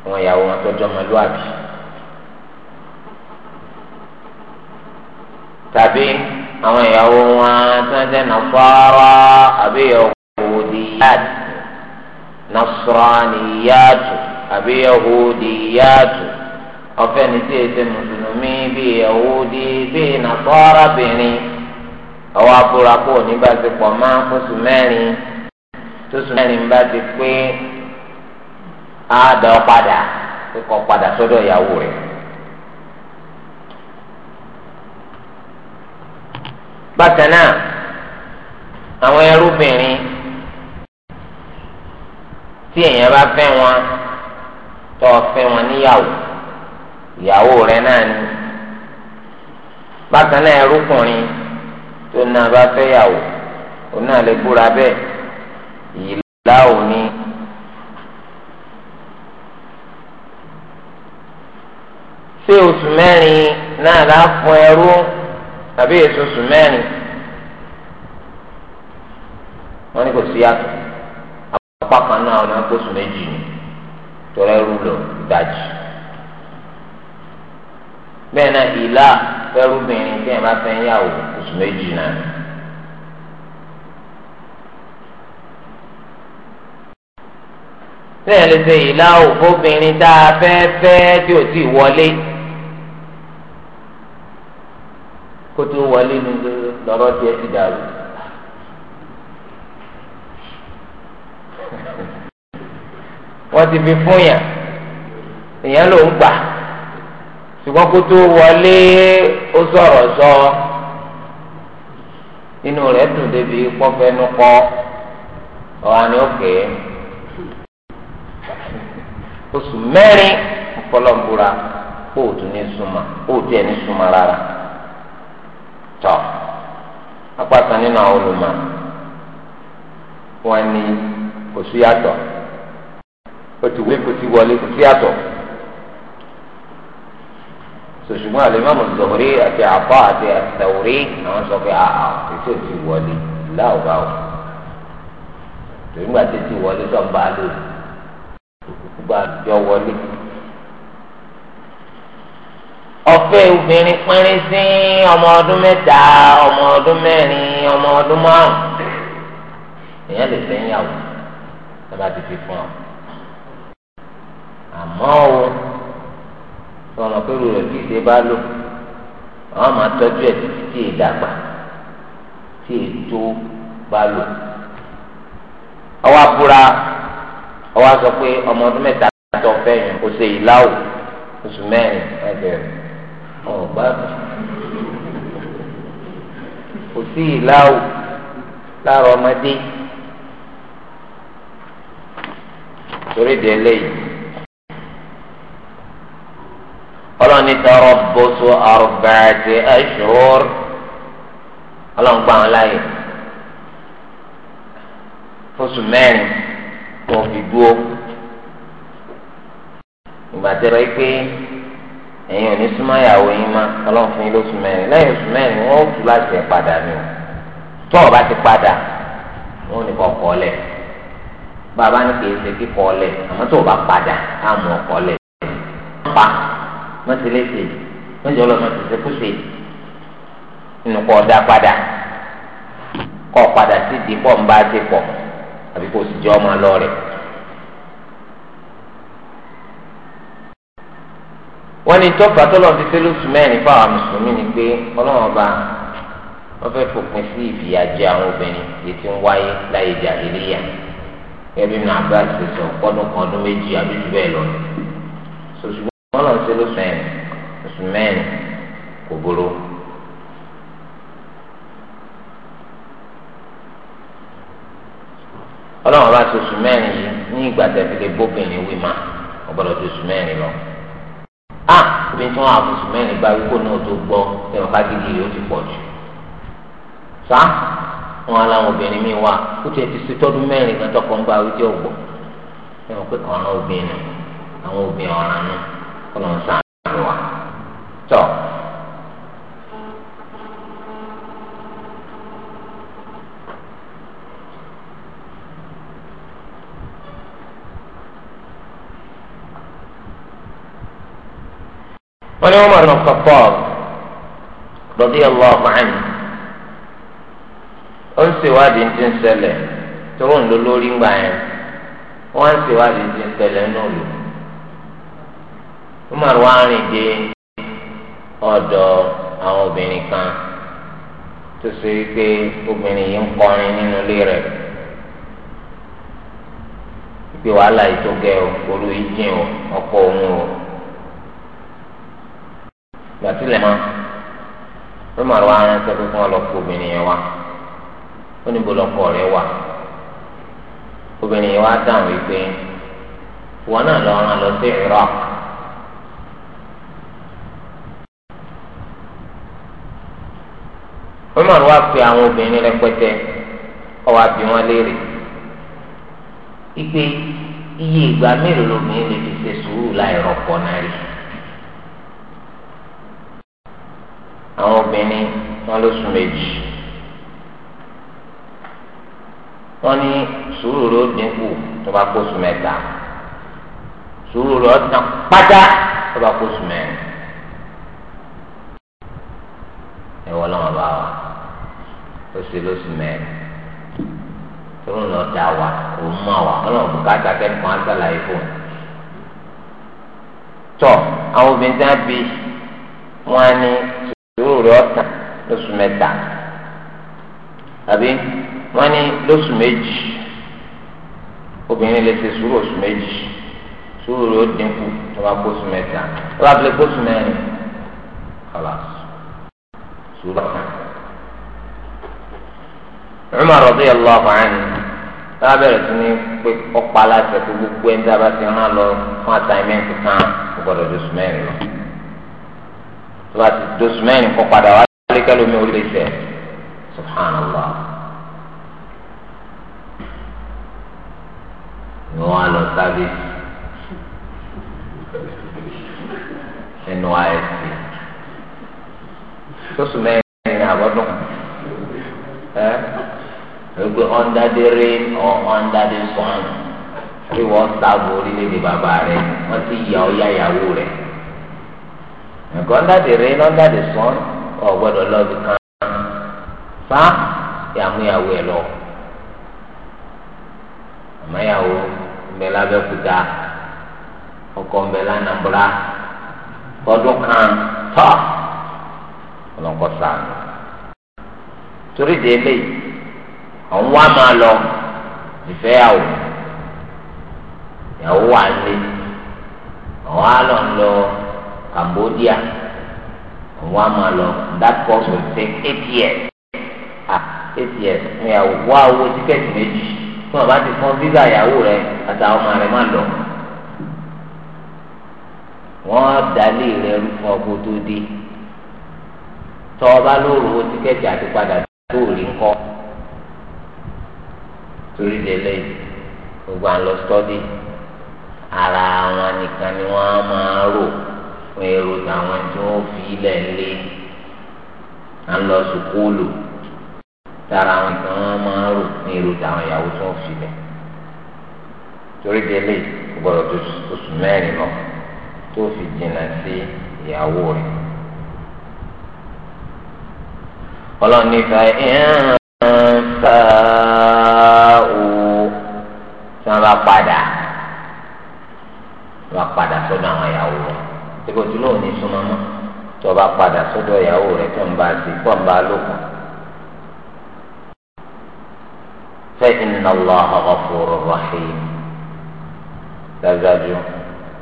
àwọn ìyàwó wọn tọjọ ọmọlúwàbí tàbí àwọn ìyàwó wọn tí na fara nàfọwọrọ àbí yahudiyat nasraniyat àbí yahudiyat ní tí èsè mùsùlùmí bíi yahudi bíi nàfọwọrọ bìnrin ọwọ afúrakó oníbàṣepọ̀ máa ń kóso tó sùn bá ti pé. ada pada kok pada sodo ya ure bacana awon eru birin ti eyan ba fe won to fe won ni yawo yawo re na ni bacana eru kunrin to na ba fe yawo ona le gura be ila oni ṣé oṣù mẹ́rin náà lá fún ẹrú tàbí èso oṣù mẹ́rin wọ́n ní kò sí yàtọ̀ apá náà ọ̀nà oṣù méjì ni torí ẹrú lọ ìdajì bẹ́ẹ̀ náà ìlà fẹ́rúbìnrin tí ẹ̀ bá fẹ́ oṣù sẹ́yìn lè ṣe ìlà òfóbìnrin tá a fẹ́ fẹ́ tí ò tí ì wọlé kó tó wọlé ní lọ́rọ́ tiẹ̀ ti dàrú. wọ́n ti fi fún yàn èèyàn ló ń gbà ṣùgbọ́n kó tó wọlé ó sọ̀rọ̀ sọ inú rẹ̀ dùn débi pọ́fẹ́nu kọ́ òkè. Okay oṣù mẹ́rin ọ̀pọ̀lọ́mbura kóòtù ní súnmọ́ kóòtù ẹ̀ ní súnmọ́ rárá tọ́ apáta nínú àwọn olùmọ̀ wọn ni kò sí yàtọ̀ ó ti wé kò sí wọlé kò sí yàtọ̀ sòṣùgbọ́n alimami zòwúrí àti àbá àti àtẹwúrí àwọn sọ pé àà ètò ti wọlé láwùbáwù tòun gbà tètè wọlé tó ń bá a lónìí. gbogbo àjọ wọlé ọ̀fẹ́ obìnrin pínrín sí ọmọ ọdún mẹ́ta ọmọ ọdún mẹ́rin ọmọ ọdún márùn èèyàn lè fẹ́ yàwó tó bá ti fi fún ọ àmọ́ o sọ̀rọ̀ pé rúrò kì í ṣe bá lò àwọn ẹ̀ títí tí ọwọ́ a sọ pé ọmọ ọdún mẹ́ta tó fẹ́ yẹn kó ṣe ìláwò oṣù mẹ́rin ẹgbẹ̀rún ọ̀gbá kò sí ìláwò lára ọmọdé torí di eléyìí ọlọ́ni tọrọ bọ́sọ àrùbàtì ẹ̀ṣọ́r ọlọ́ngbà wọn láàyè fóṣù mẹ́rin tó ń fi dúró ìgbà tẹ́ra yìí pé ẹ̀yin ò ní súnmọ́ ìyàwó yín má ọlọ́run fún yín lóṣù mẹ́rin lẹ́yìn oṣù mẹ́rin wọ́n ó tú láti ẹ̀ padà ni o tó o bá ti padà wọ́n ò ní kọ́ kọ́ lẹ̀ bàbá ní kìí ṣe kíkọ́ lẹ̀ àmọ́ tó o bá padà á mú ọkọ́ lẹ̀ pa mọ́tìlẹ́sì mọ́tìlẹ́sì ọlọ́run ti ṣe kúṣe nínú kọ́ ọ̀dà padà kọ́ padà sí ìdí pọ̀ ń bá ti pọ̀ àbí kò sì jẹ́ ọmọ lọ rẹ̀. wọ́n ní tọ́fà tọ́lọ́ fi fẹ́lẹ́sù mẹ́rin fáwọn mùsùlùmí ni pé ọlọ́run ọba wọ́n fẹ́ fòpin sí ìfìyàjẹ àwọn obìnrin èyí tí ń wáyé láyé jàhílíyà ẹbí mi àbá ti sọ ọdún kan ọdún méjì àbí jù bẹ́ẹ̀ lọ. sòṣùgbọ́n ọlọ́run fẹ́lẹ́sù mẹ́rin kò burú. ọlọ́run bá soṣù mẹ́rin yìí ní ìgbà tẹ̀sílẹ̀ bóbìnrin wí má ọgbọ́dọ̀ soṣù mẹ́rin lọ. a ibi tí wọ́n àfọṣù mẹ́rin gba wípé náà tó gbọ́ ẹ̀wọ̀n kágídì yóò ti pọ̀ jù. sá wọn aláwọn obìnrin mi wá ó tiẹ̀ ti ṣe tọ́dún mẹ́rin kan tọkọ ń gba wípé ó gbọ́ ẹ̀wọ̀n pé ọ̀ràn obìnrin àwọn obìnrin ọ̀ràn náà ọlọ́run sáà lọ́wọ́. tọ́ wọn ni wọn máa lọ kọkọ lọdí ẹlọ ọmọọmọ ó ń ṣèwádìí ti ń ṣẹlẹ̀ tóró ń lo lórí ńgbà yẹn wọn á ń ṣèwádìí ti ń ṣẹlẹ̀ náà lò wọn máa wá rìn dé ọ̀dọ̀ àwọn obìnrin kan tó ṣe pé obìnrin yìí ń kọrin nínú ilé rẹ̀ pé wàhálà ètò gẹ o olú ìjìn o ọkọ òun o. gbàtílẹ̀ mọ́ rọ́màrì wa ara sọ pé kí wọ́n lọ kó obìnrin yẹn wá ó ní bọ́lọ́kọ ụwa wà obìnrin yẹn dáhùn wípé wọn náà lọ rán lọ sí Iraq rọ́màrì wa pe àwọn obìnrin rẹpẹtẹ ọwọ́ àbí wọn léèrè ipe iye ìgbà mélòó lobìnrin lè fi ṣe sùúrù láì rọpò náà rí i. àwọn obìnrin wọn lóṣù méjì wọn ní sùúrù ló dínkù tó bá kóṣù mẹ́ta sùúrù ló tán pátá tó bá kóṣù mẹ́rin ẹ wọ lọ́wọ́ bá wa ó ṣe lóṣù mẹ́rin tó ń lọ da wa kò mọ wa ọlọ́run bùkátà kẹ́kọ̀ọ́ á sàlàyé fún un. àwọn obìnrin tá a bí wọ́n á ní sùúrù rẹ̀ ọ̀tàn lóṣù mẹ́ta àbí wọ́n ní lóṣù méjì obìnrin lè ṣe sùúrù oṣù méjì sùúrù rẹ̀ ó dínkù tó bá kóṣù mẹ́ta tó bá tilẹ̀ kóṣù mẹ́rin kọ́lá sùúrù ọ̀tàn. Umar radiyallahu anhu táwa bẹ̀rẹ̀ sí ní pé ọ̀pá aláṣẹ tó gbogbo ẹni tí a bá ti rán lọ fún àtàìmẹ́ǹtì kan gbọ́dọ̀ lóṣù mẹ́rin lọ tó bá ti dosù mẹ́rin kọ́ padà wá lé kẹ́lómi orílẹ̀ ìfẹ́ subhanallah. ni wọ́n á lọ sábẹ́sì nínú àìsí dosù mẹ́rin ní àbọ̀dún ẹ́ wípé under the rain or under the sun wíwọ́ sábò orílẹ̀-èdè bàbá rẹ̀ wọ́n ti yà ọ́ yá ìyàwó rẹ̀ nǹkan under the rain under the sun ọ̀ gbọ́dọ̀ lọ bí kan fa ìyàmúyàwó ẹ̀ lọ àmọ́yàwó ńbẹ lábẹ́kúta ọkọ ńbẹ lánàbúrà ọdún kan tọ́ ọlọ́kọ sàánù torí de eléyìí ọ̀hún wá máa lọ ìfẹ́yàwó ìyàwó wà lé ọ̀hún á lọ ń lọ. Cambodia wọn a máa lọ that course will take eight years ah eight years ní àwọ̀ àwọ̀ tíkẹ́ẹ̀tì méjì tí wọn bá ti fún visa ìyàwó rẹ àtàwọn ọmọ rẹ má lọ wọn dalé rẹ rúfọ ọkọ tó dé tọ́ ọ bá lóòrò owó tíkẹ́ẹ̀tì àti padà tó rí ńkọ́ torí lélẹ̀ gbogbo à ń lọ sọ́dí ara wọn nìkan ni wọ́n á máa rò wọn èrò tàwọn tí wọn fi ilẹ̀ ńlẹ̀ à ń lọ sùkúlù tara àwọn tí wọn máa rò ní èrò tàwọn ìyàwó tí wọn fi ilẹ̀ torí délé gbọdọ̀ tó oṣù mẹ́rin lọ tó fi jìnnà sí ìyàwó rẹ̀ ọlọ́ni fa ẹ̀ẹ́nfà tí wọ́n bá padà wọ́n padà sọ́dọ̀ àwọn ìyàwó rẹ̀ ìbòjú náà ní súnmọ́ mọ́ tó o bá padà sọ́dọ̀ ìyàwó rẹ̀ tó ń bá a sí pọ̀ ń bá a lókun. fẹ́ inna Allaha ghafurur rahim dájúdájú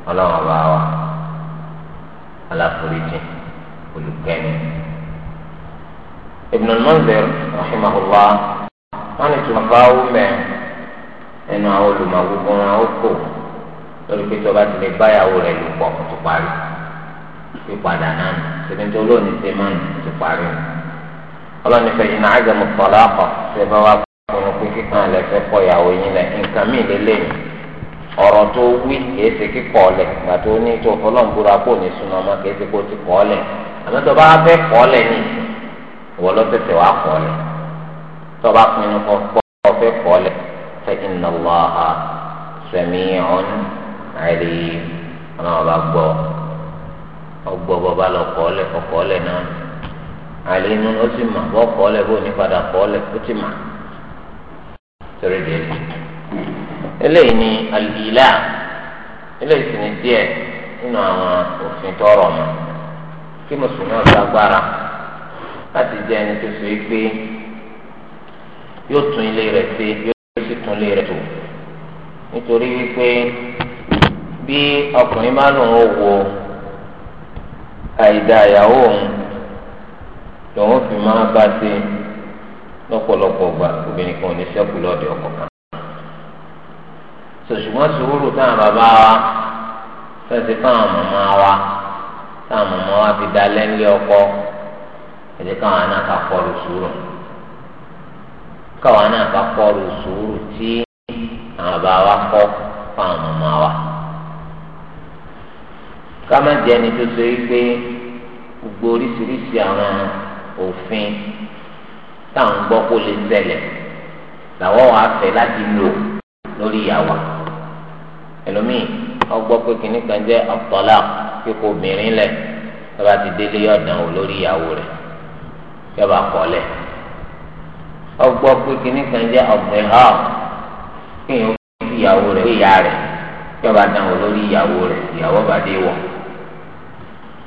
ọlọ́run bá wa aláforíjì olùkẹ́ni. Ibn al-Munzir rahimahullah wọn ni tuma bá wú mẹ ẹnu àwọn olùmọ̀ gbogbo wọn ó kò lórí pé tí o ti lè báyàwó rẹ̀ lò pọ̀ tó parí ìpadà náà ṣèbíntì olóòní ṣe máa ń ti parí o ọlọ́ni fẹ́ iná àjẹmú tọ́lá kọ̀ ṣe bá wá pinnu pé kíkan lẹ fẹ́ kọ ìyàwó yín lẹ nǹkan míì lélẹ́yìn ọ̀rọ̀ tó wí kìí ṣe kíkọ́ ọ̀lẹ̀ ìgbà tó ní tó fọlọ́ǹbúra kò ní súnmọ́ ọmọ kìí ṣe kó ti kọ́ ọ̀lẹ̀ àmọ́ tó bá fẹ́ kọ́ ọ̀lẹ̀ ní ìwọ ló tẹ̀sẹ̀ wá kọ́ ọ̀lẹ̀ tó bá pinnu kọ́ fẹ́ kọ́ ọ̀lẹ̀ fẹ́ iná lọ́ha sẹ́mi ọ̀n àìrí ọ̀nà ọ̀bá gbọ́ ọgbọ bọba lọ kọọlẹ ọkọọlẹ náà àlẹ inú ó sì mà bọ kọọlẹ bó ní padà kọọlẹ ó sì mà torí dé eléyìí ni alìlá eléyìí sì ni díẹ̀ nínú àwọn òfin tọrọ mọ kí mùsùlùmí ọ̀sán agbára láti jẹ ẹni tó so pé yóò tún ilé rẹ̀ ṣe yóò sì tún ilé rẹ̀ tò nítorí wípé bí ọkùnrin máa lòun ó wo. àìdá ìyàwó òun lòun fi máa bá ṣe lọ́pọ̀lọpọ̀ obìnrin kan ní sẹ́kù lọ́ọ̀dẹ ọkọ̀ kan. sòṣùgbọ́n sùúrù táwọn bàbá wa fẹ́ẹ́ fáwọn màmá wa táwọn màmá wa fi lẹ́ńlẹ́ ọkọ ẹ̀jẹ̀ káwọn náà ká kọlu sùúrù káwọn náà wa. Kama má jẹ ẹni tó so yìí pé gbogbo oríṣiríṣi àwọn òfin táwọn ń gbọ́ kó lè ṣẹlẹ̀ làwọn wàá fẹ́ láti lò lórí ìyàwó ẹlòmíì ọgbọ́ pé kìnnì kan jẹ́ ọ̀tọ́lá kíkó obìnrin lẹ̀ tọ́ba ti délé ọ̀dàn ò lórí ìyàwó rẹ̀ yọba kọ́lẹ̀ ọgbọ́ pé kìnnì kan jẹ́ ọ̀gbìn hà kéèyàn fi ìyàwó rẹ̀ wé ìyá rẹ̀ yọba dàn ò lórí ìyàwó rẹ̀ ìyàwó bàdé wọ̀.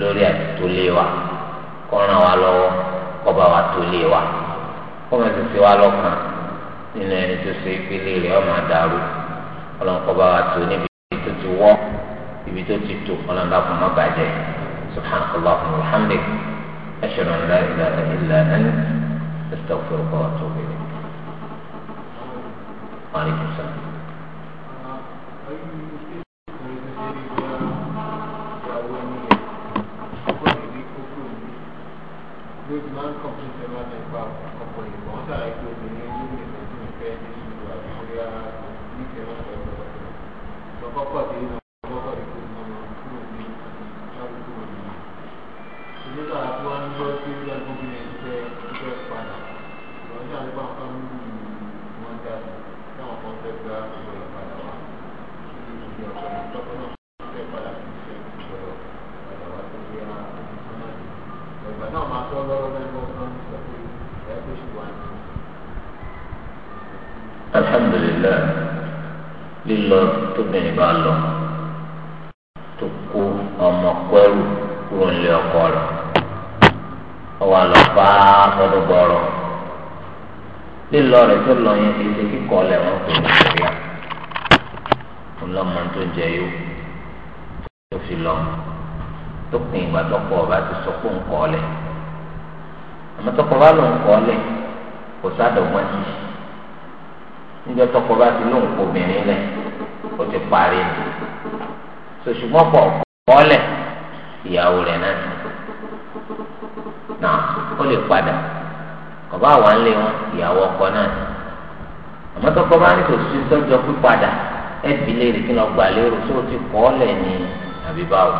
lórí àtúntòlé wa kó ràn wá lọ́wọ́ kó bá wa tólé wa kó má ti fi wá lọ́kàn nínú ẹni tó ṣe ìpínlẹ̀ rẹ̀ ọmọ àdàrú ọlọ́run kó bá wa tó níbi tó ti wọ́ ibi tó ti tó ọlọ́run dákun má bàjẹ́ subhanaka allahumma wa hamdik ashhadu an la ilaha illa anta astaghfiruka wa atubu ilayk. Wa alaykum assalam. tó fi máa ń kọ̀m̀pé pẹ̀lú àti ìpa ọ̀pọ̀ ìbọn sàlàyé pé obìnrin yóò lè fẹ́ sí ìfẹ́ ní ìlú àti bóyá nífẹ̀ẹ́ wọn pẹ̀lú ọ̀pọ̀ ìbọn. tóbìnrin bá lọ tó kó ọmọ pẹ́rù kúrò nílé ọkọ rẹ̀ ọwọ́ àlọ́ bá gbọ́dọ̀ gbọ́rọ̀ lílọ rẹ̀ tó lọ yẹn kì í ṣe kíkọ́ lẹ̀ wọ́n kò ní ìrìà ńlọmọ tó jẹ yó tó fi lọ tó pin ìgbà tọkọ ọba ti sọ pé ńkọ́ lẹ̀ àmọ́ tọkọ bá lọ ńkọ́ lẹ̀ kò sádọ̀ wọ́n sí níjọ́ tọkọ bá ti lóun kò bìnrin lẹ̀ o ti parí ni sòṣùgbọ́n pọ̀ kọ́lẹ̀ ìyàwó rẹ̀ náà náà ó lè padà kọ̀bá wà ń lé wọn ìyàwó ọkọ náà àmọ́ tọkọ bá ní kò sí tọ́jọ́ pípadà ẹ̀bí lè rí kí lọ gbà lérò tó ti kọ́lẹ̀ ni àbí báwo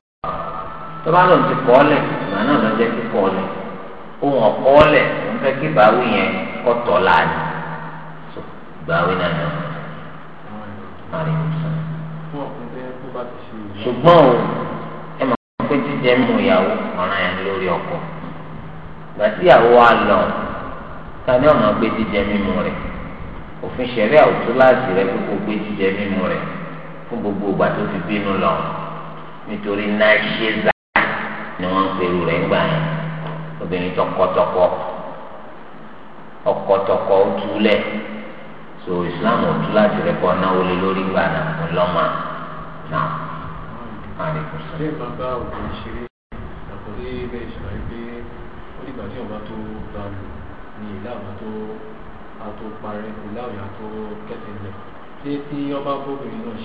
tó bá lòun ti kọ́lẹ̀ ìgbà náà lọ jẹ́ kí kọ́lẹ̀ ohun ọ̀kọ́lẹ̀ òun fẹ́ kí báwí yẹn kọ́tọ̀ láàyè báwí náà náà ṣùgbọ́n o ẹ máa pé jíjẹ mú ìyàwó ọ̀ràn yẹn lórí ọkọ ìgbà tí ìyàwó wa lọ ta ni ọ̀nà gbé jíjẹ mímu rẹ̀ òfin ṣẹ̀rí àwùjọ láti rẹ̀ gbogbo gbé jíjẹ mímu rẹ̀ fún gbogbo ìgbà tó fi bínú lọ nítorí náà ṣe zá ni wọ́n ń perú rẹ̀ gbà yẹn obìnrin tọkọtọkọ ọkọtọkọ ó túlẹ̀ so Islam ò láti rẹ̀ kọ́ náwó lé lórí gbà náà ńlọ́mà náà má lè kó sọ. ṣé bàbá òkè ṣeré àkọlé bẹ́ẹ̀ ṣàlàyé pé ó dìgbà tí ọba tó dàlù ni ìlà ọba tó àtò parẹ́ ìlà ọ̀yà tó kẹ́sìn lẹ̀ ṣé tí ọba bóbìnrin náà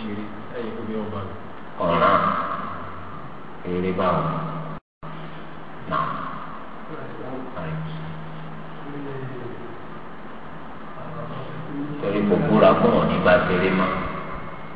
ṣeré ẹ̀yẹ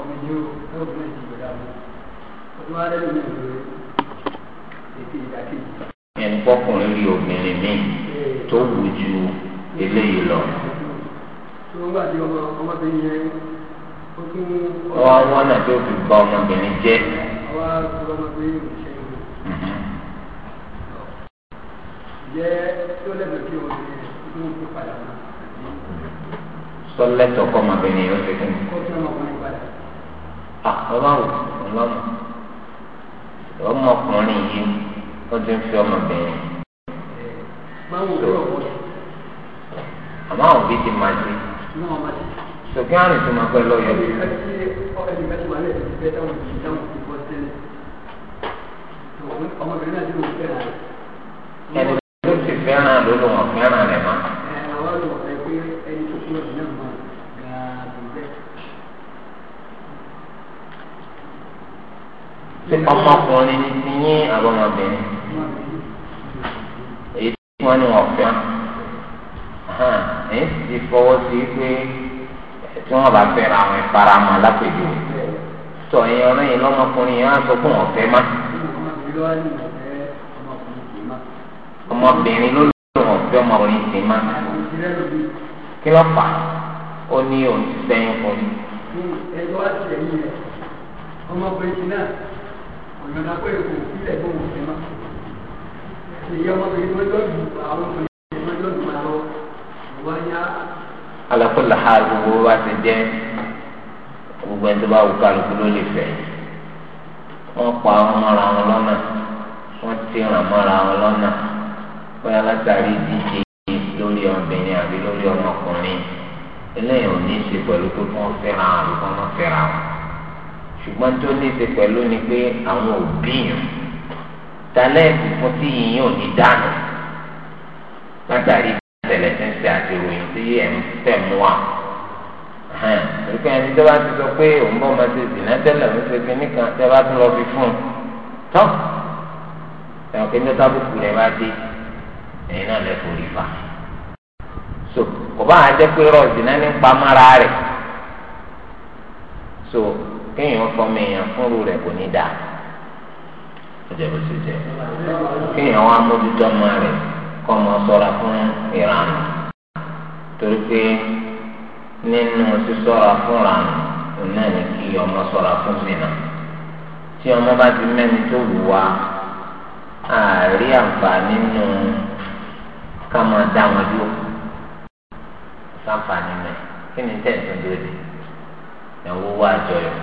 ọmọ yìí ó ẹ̀rọ náà ti gbẹ̀dá mọ́ ọdún é wò. jẹ́ tó lẹ́bẹ̀ẹ́ kí wọ́n ṣe é tó ń fi padà náà sọlẹtọ kọmọbìnrin yóò ṣe kí Ah, àkọ́bá wò ọlọ́mọ ọmọkùnrin yìí ó ti ń fi ọmọbìnrin. àmọ́ àwọn òbí ti máa ṣe. sọ̀kí àrùn tó máa pẹ́ lọ́yọ̀. ẹni tó ti fẹ́ràn ló lò wọ́n fẹ́ràn rẹ̀ mọ́. ṣé ọmọkùnrin ni ti yín àbọ̀mọbìnrin èyí tí wọ́n ní wọ́n fẹ́ ẹ̀yìn ti fọwọ́ sí pé tí wọ́n bá fẹ́ra àwọn ìfaramọ́ alápèjọ tọ̀ ẹ̀yìn ọ̀rẹ́ yìí lọ́mọkùnrin yẹn á sọ fún ọ̀fẹ́ má ọmọbìnrin ló lò wọ́n fẹ́ ọmọkùnrin sí má kí ló fà ó ní òun ti sẹ́yìn fún mi. ẹ̀rọ àti ẹ̀yìn rẹ̀ ọmọkùnrin náà ìgbàgbọ́ pé kò sílẹ̀ tó wò sí mọ́. èyí ọmọbìnrin tó lọ́dù àwọn obìnrin tó lọ́dù máa lọ wọ́n yá. alákòlá ha gbogbo wa ti jẹ́ gbogbo ẹni tó bá wù kálukú ló lè fẹ́ wọ́n pa àwọn mọ́ra wọn lọ́nà wọ́n ti ràn mọ́ra wọn lọ́nà bóyá látàrí ìdíje lórí ọmọbìnrin àbí lórí ọmọkùnrin eléyìí ò ní í ṣe pẹ̀lú pé wọ́n fẹ́ràn àbí wọ́n fẹ́ràn àwọn ṣùgbọ́n tó ní ṣe pẹ̀lú ni pé àwọn òbí yàn tálẹ́ǹtì fún tí yìnyín ò ní dànù látàrí ìṣẹ̀lẹ̀ tí ń ṣe àti ìròyìn tí ẹ̀ ń tẹ̀ mú wa. Ìrìkà ẹni tó bá ti sọ pé òun bọ́ máa ṣe dìnnà tẹ́lẹ̀ ń ṣe kí nìkan tẹ́ bá tún lọ fi fún un. Tọ́ ẹ̀wọ̀n kí ní tábùkù rẹ̀ bá dé ẹ̀yin náà lẹ́ forí fa. So kò bá àjẹ́ pé rọ̀ dìnnà ní pamọ́ra rẹ̀. So kéèyàn fọmọ èèyàn fúnru rẹ̀ kò ní dáa ọjà bó ṣe jẹ kéèyàn wá mójútó ọmọ rẹ̀ kọ́ ọmọ ṣọ́ra fún ìranù torí pé nínú sísọ́ra fún ìranù náà ní kí ọmọ ṣọ́ra fún zina tí ọmọ bá ti mẹ́ni tó wù wá àárí àǹfààní nù ká máa dá wọn dúró sáǹfààní mẹ́ kí ni tẹ̀sán lóde ìyàwó wá àjọyọ̀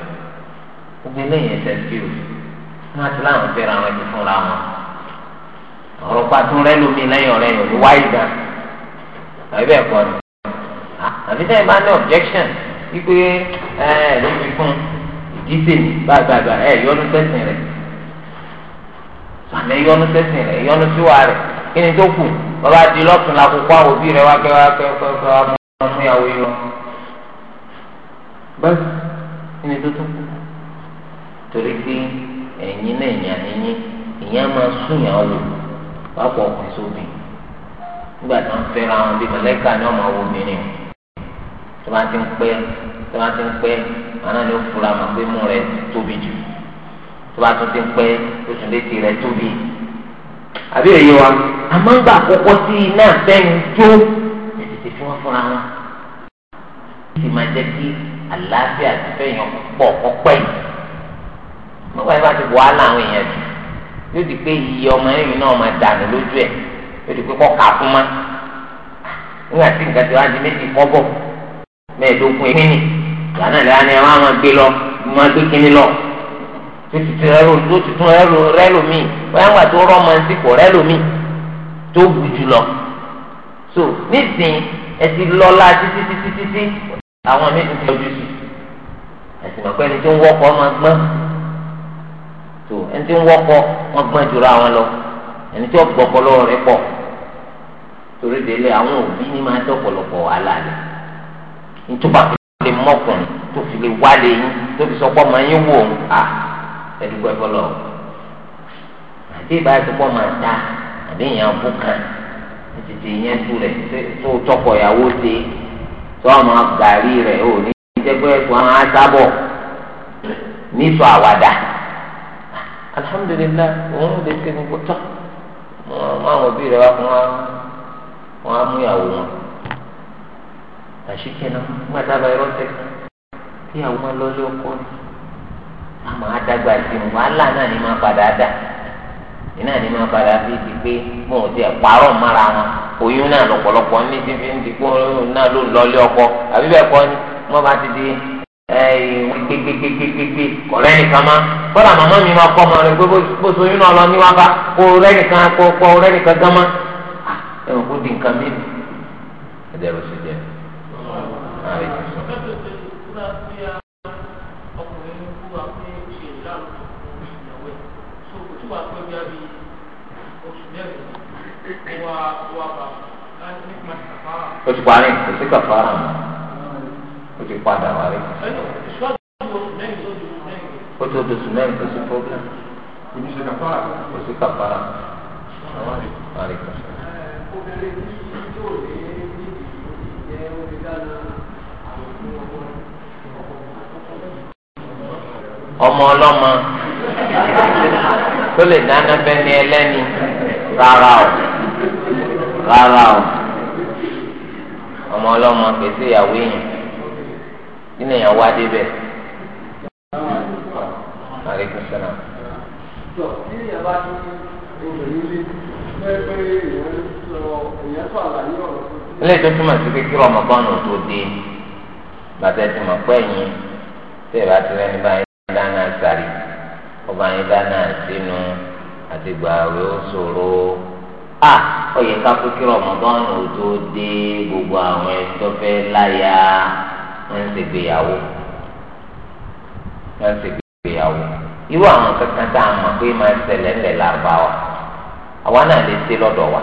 gbogbo eléyìí ẹsẹ̀ sí o wọn àti láwọn fẹ́ra wọn ti fúnra wọn ọ̀rọ̀ pàtó rẹ lómi lẹ́yìn ọ̀rẹ́ yòó wáyé gan tàbí bẹ́ẹ̀ kọ́ ni àbí sẹ́yìn bá ní objection wípé ẹ ẹ ló fi fún ìdíje ní gbàgbàgbà ẹ yọnu sẹ́sìn rẹ̀ sàmì yọnu sẹ́sìn rẹ̀ yọnu síwá rẹ̀ kí ni tó kù bàbá di lọ́tún lakókó àwọn òbí rẹ̀ wákẹ́ wákẹ́ wákẹ́ wákẹ́ wákẹ́ wákẹ́ wákẹ́ wákẹ́ wákẹ́ wákẹ́ wákẹ́ wákẹ́ wákẹ́ wákẹ́ wákẹ́ wákẹ́ wákẹ́ wákẹ́ torí pé ẹ̀yin náà ẹ̀yìn àníyìn ìyẹn máa súnyàn ọ lò pápọ̀ ọkùnrin sóbì nígbà tí wọ́n fẹ́ra wọn bí mọ̀lẹ́kà ni wọ́n máa wo obìnrin tó bá ti ń pẹ́ tó bá ti ń pẹ́ àná ni ó fura mọ̀ pé mú rẹ̀ tóbi jù tó bá tún ti ń pẹ́ oṣù létí rẹ̀ tóbi àbí èyí wa àmọ́ ń gbà àkọ́kọ́ sí iná àtẹ́yìn jó tètè fi wọ́n fúnra wọn. ó máa jẹ́ kí àlàáfíà àti fẹ́yàn pọ̀ ọ̀pẹ́ yìí nígbà yẹn bá ti wàhálà àwọn èèyàn jù yóò di pé iye ọmọ ẹ̀yìn náà máa dànù lójú ẹ̀ yóò di pé kọ́ kà á fún ma nígbà tí nǹkan ti wá di méjì kọ́bọ̀ mẹ́ẹ̀ẹ́dógún ẹ̀mí nì lánàá lẹ́yìn ni wọ́n á máa gbé lọ máa gbé kínní lọ tó ti tún ẹrù tó ti tún ẹrù rẹ́lù míì wọ́n á wà tó rọ́ máa ń sìnkú rẹ́lù míì tó bù jù lọ so nísìnyí ẹ ti lọ́la títí títí títí àwọn mi ti fi ojú sí ẹ̀sìn ọ̀pẹ́ni tó ń wọ́pọ̀ máa gbọ́n. tó ẹni tí ń wọ́pọ̀ wọ́n gbọ́n jùlọ àwọn lọ ẹni tí wọ́n gbọ́pọ̀ lọ́wọ́ rẹ̀ pọ̀ torí délé àwọn òbí ní máa dé ọ̀pọ̀lọpọ̀ wàhálà lè mọ́kùnrin tó fi lè wá lè yín tó fi yín wò ó à àti ìbáyìí tó pọ̀ máa dá àbí ìyàn kan tú tó alhamdulillah òun ló lè ké gbogbo tọ́ wọn àwọn òbí rẹ wá wọn á mú ìyàwó wọn àṣìkè a bá yọ ọ́ kí ìyàwó lọ ọkọ ni àmọ́ adágbà sí i wàhálà náà ni máa ni máa padà bí pé mo ò tiẹ̀ wọn oyún náà kọ́lá màmá mi máa kọ́ ọmọ rẹ̀ pé bó so yín náà lọ níwá bá kó rẹ́nìkan kó kọ́ rẹ́nìkan gánmá ah, ẹ wò kó di nǹkan mi ni ẹ ló ṣe jẹ́ o parí o ti kàfàrà mọ́ o ti padà wálé ó tó doṣù mẹ́rin kò sí problem kò sí kàfàrà. ọmọ ọlọ́mọ tó lè dáná bẹ́ni ẹlẹ́ni rárá o rárá o ọmọ ọlọ́mọ kìí ìyàwó èèyàn kí ni èèyàn àlékún sọ́nà. tó bí èèyàn bá ní obìnrin lé pé pé èèyàn sọ èèyàn tó àlàyé ọ̀rọ̀. ilé tó túmọ̀ sí pé kí ọmọbọ́nù tó dé bàtà tí mo pẹ́ yín tẹ́ ẹ bá ti rẹ́ni báyìí dáná sáré ọba yín dáná sínú àti gbààwé ó a ó yẹ ká kókí ọmọbọ́nù tó dé gbogbo àwọn ẹjọ́ fẹ́ láyà ń ṣègbéyàwó ń ṣègbéyàwó ìgbéyàwó irú àwọn kankan tá a mọ̀ pé máa ń ṣẹlẹ̀ ńlẹ̀ lárúbá wa àwa náà lè ṣe lọ́dọ̀ wa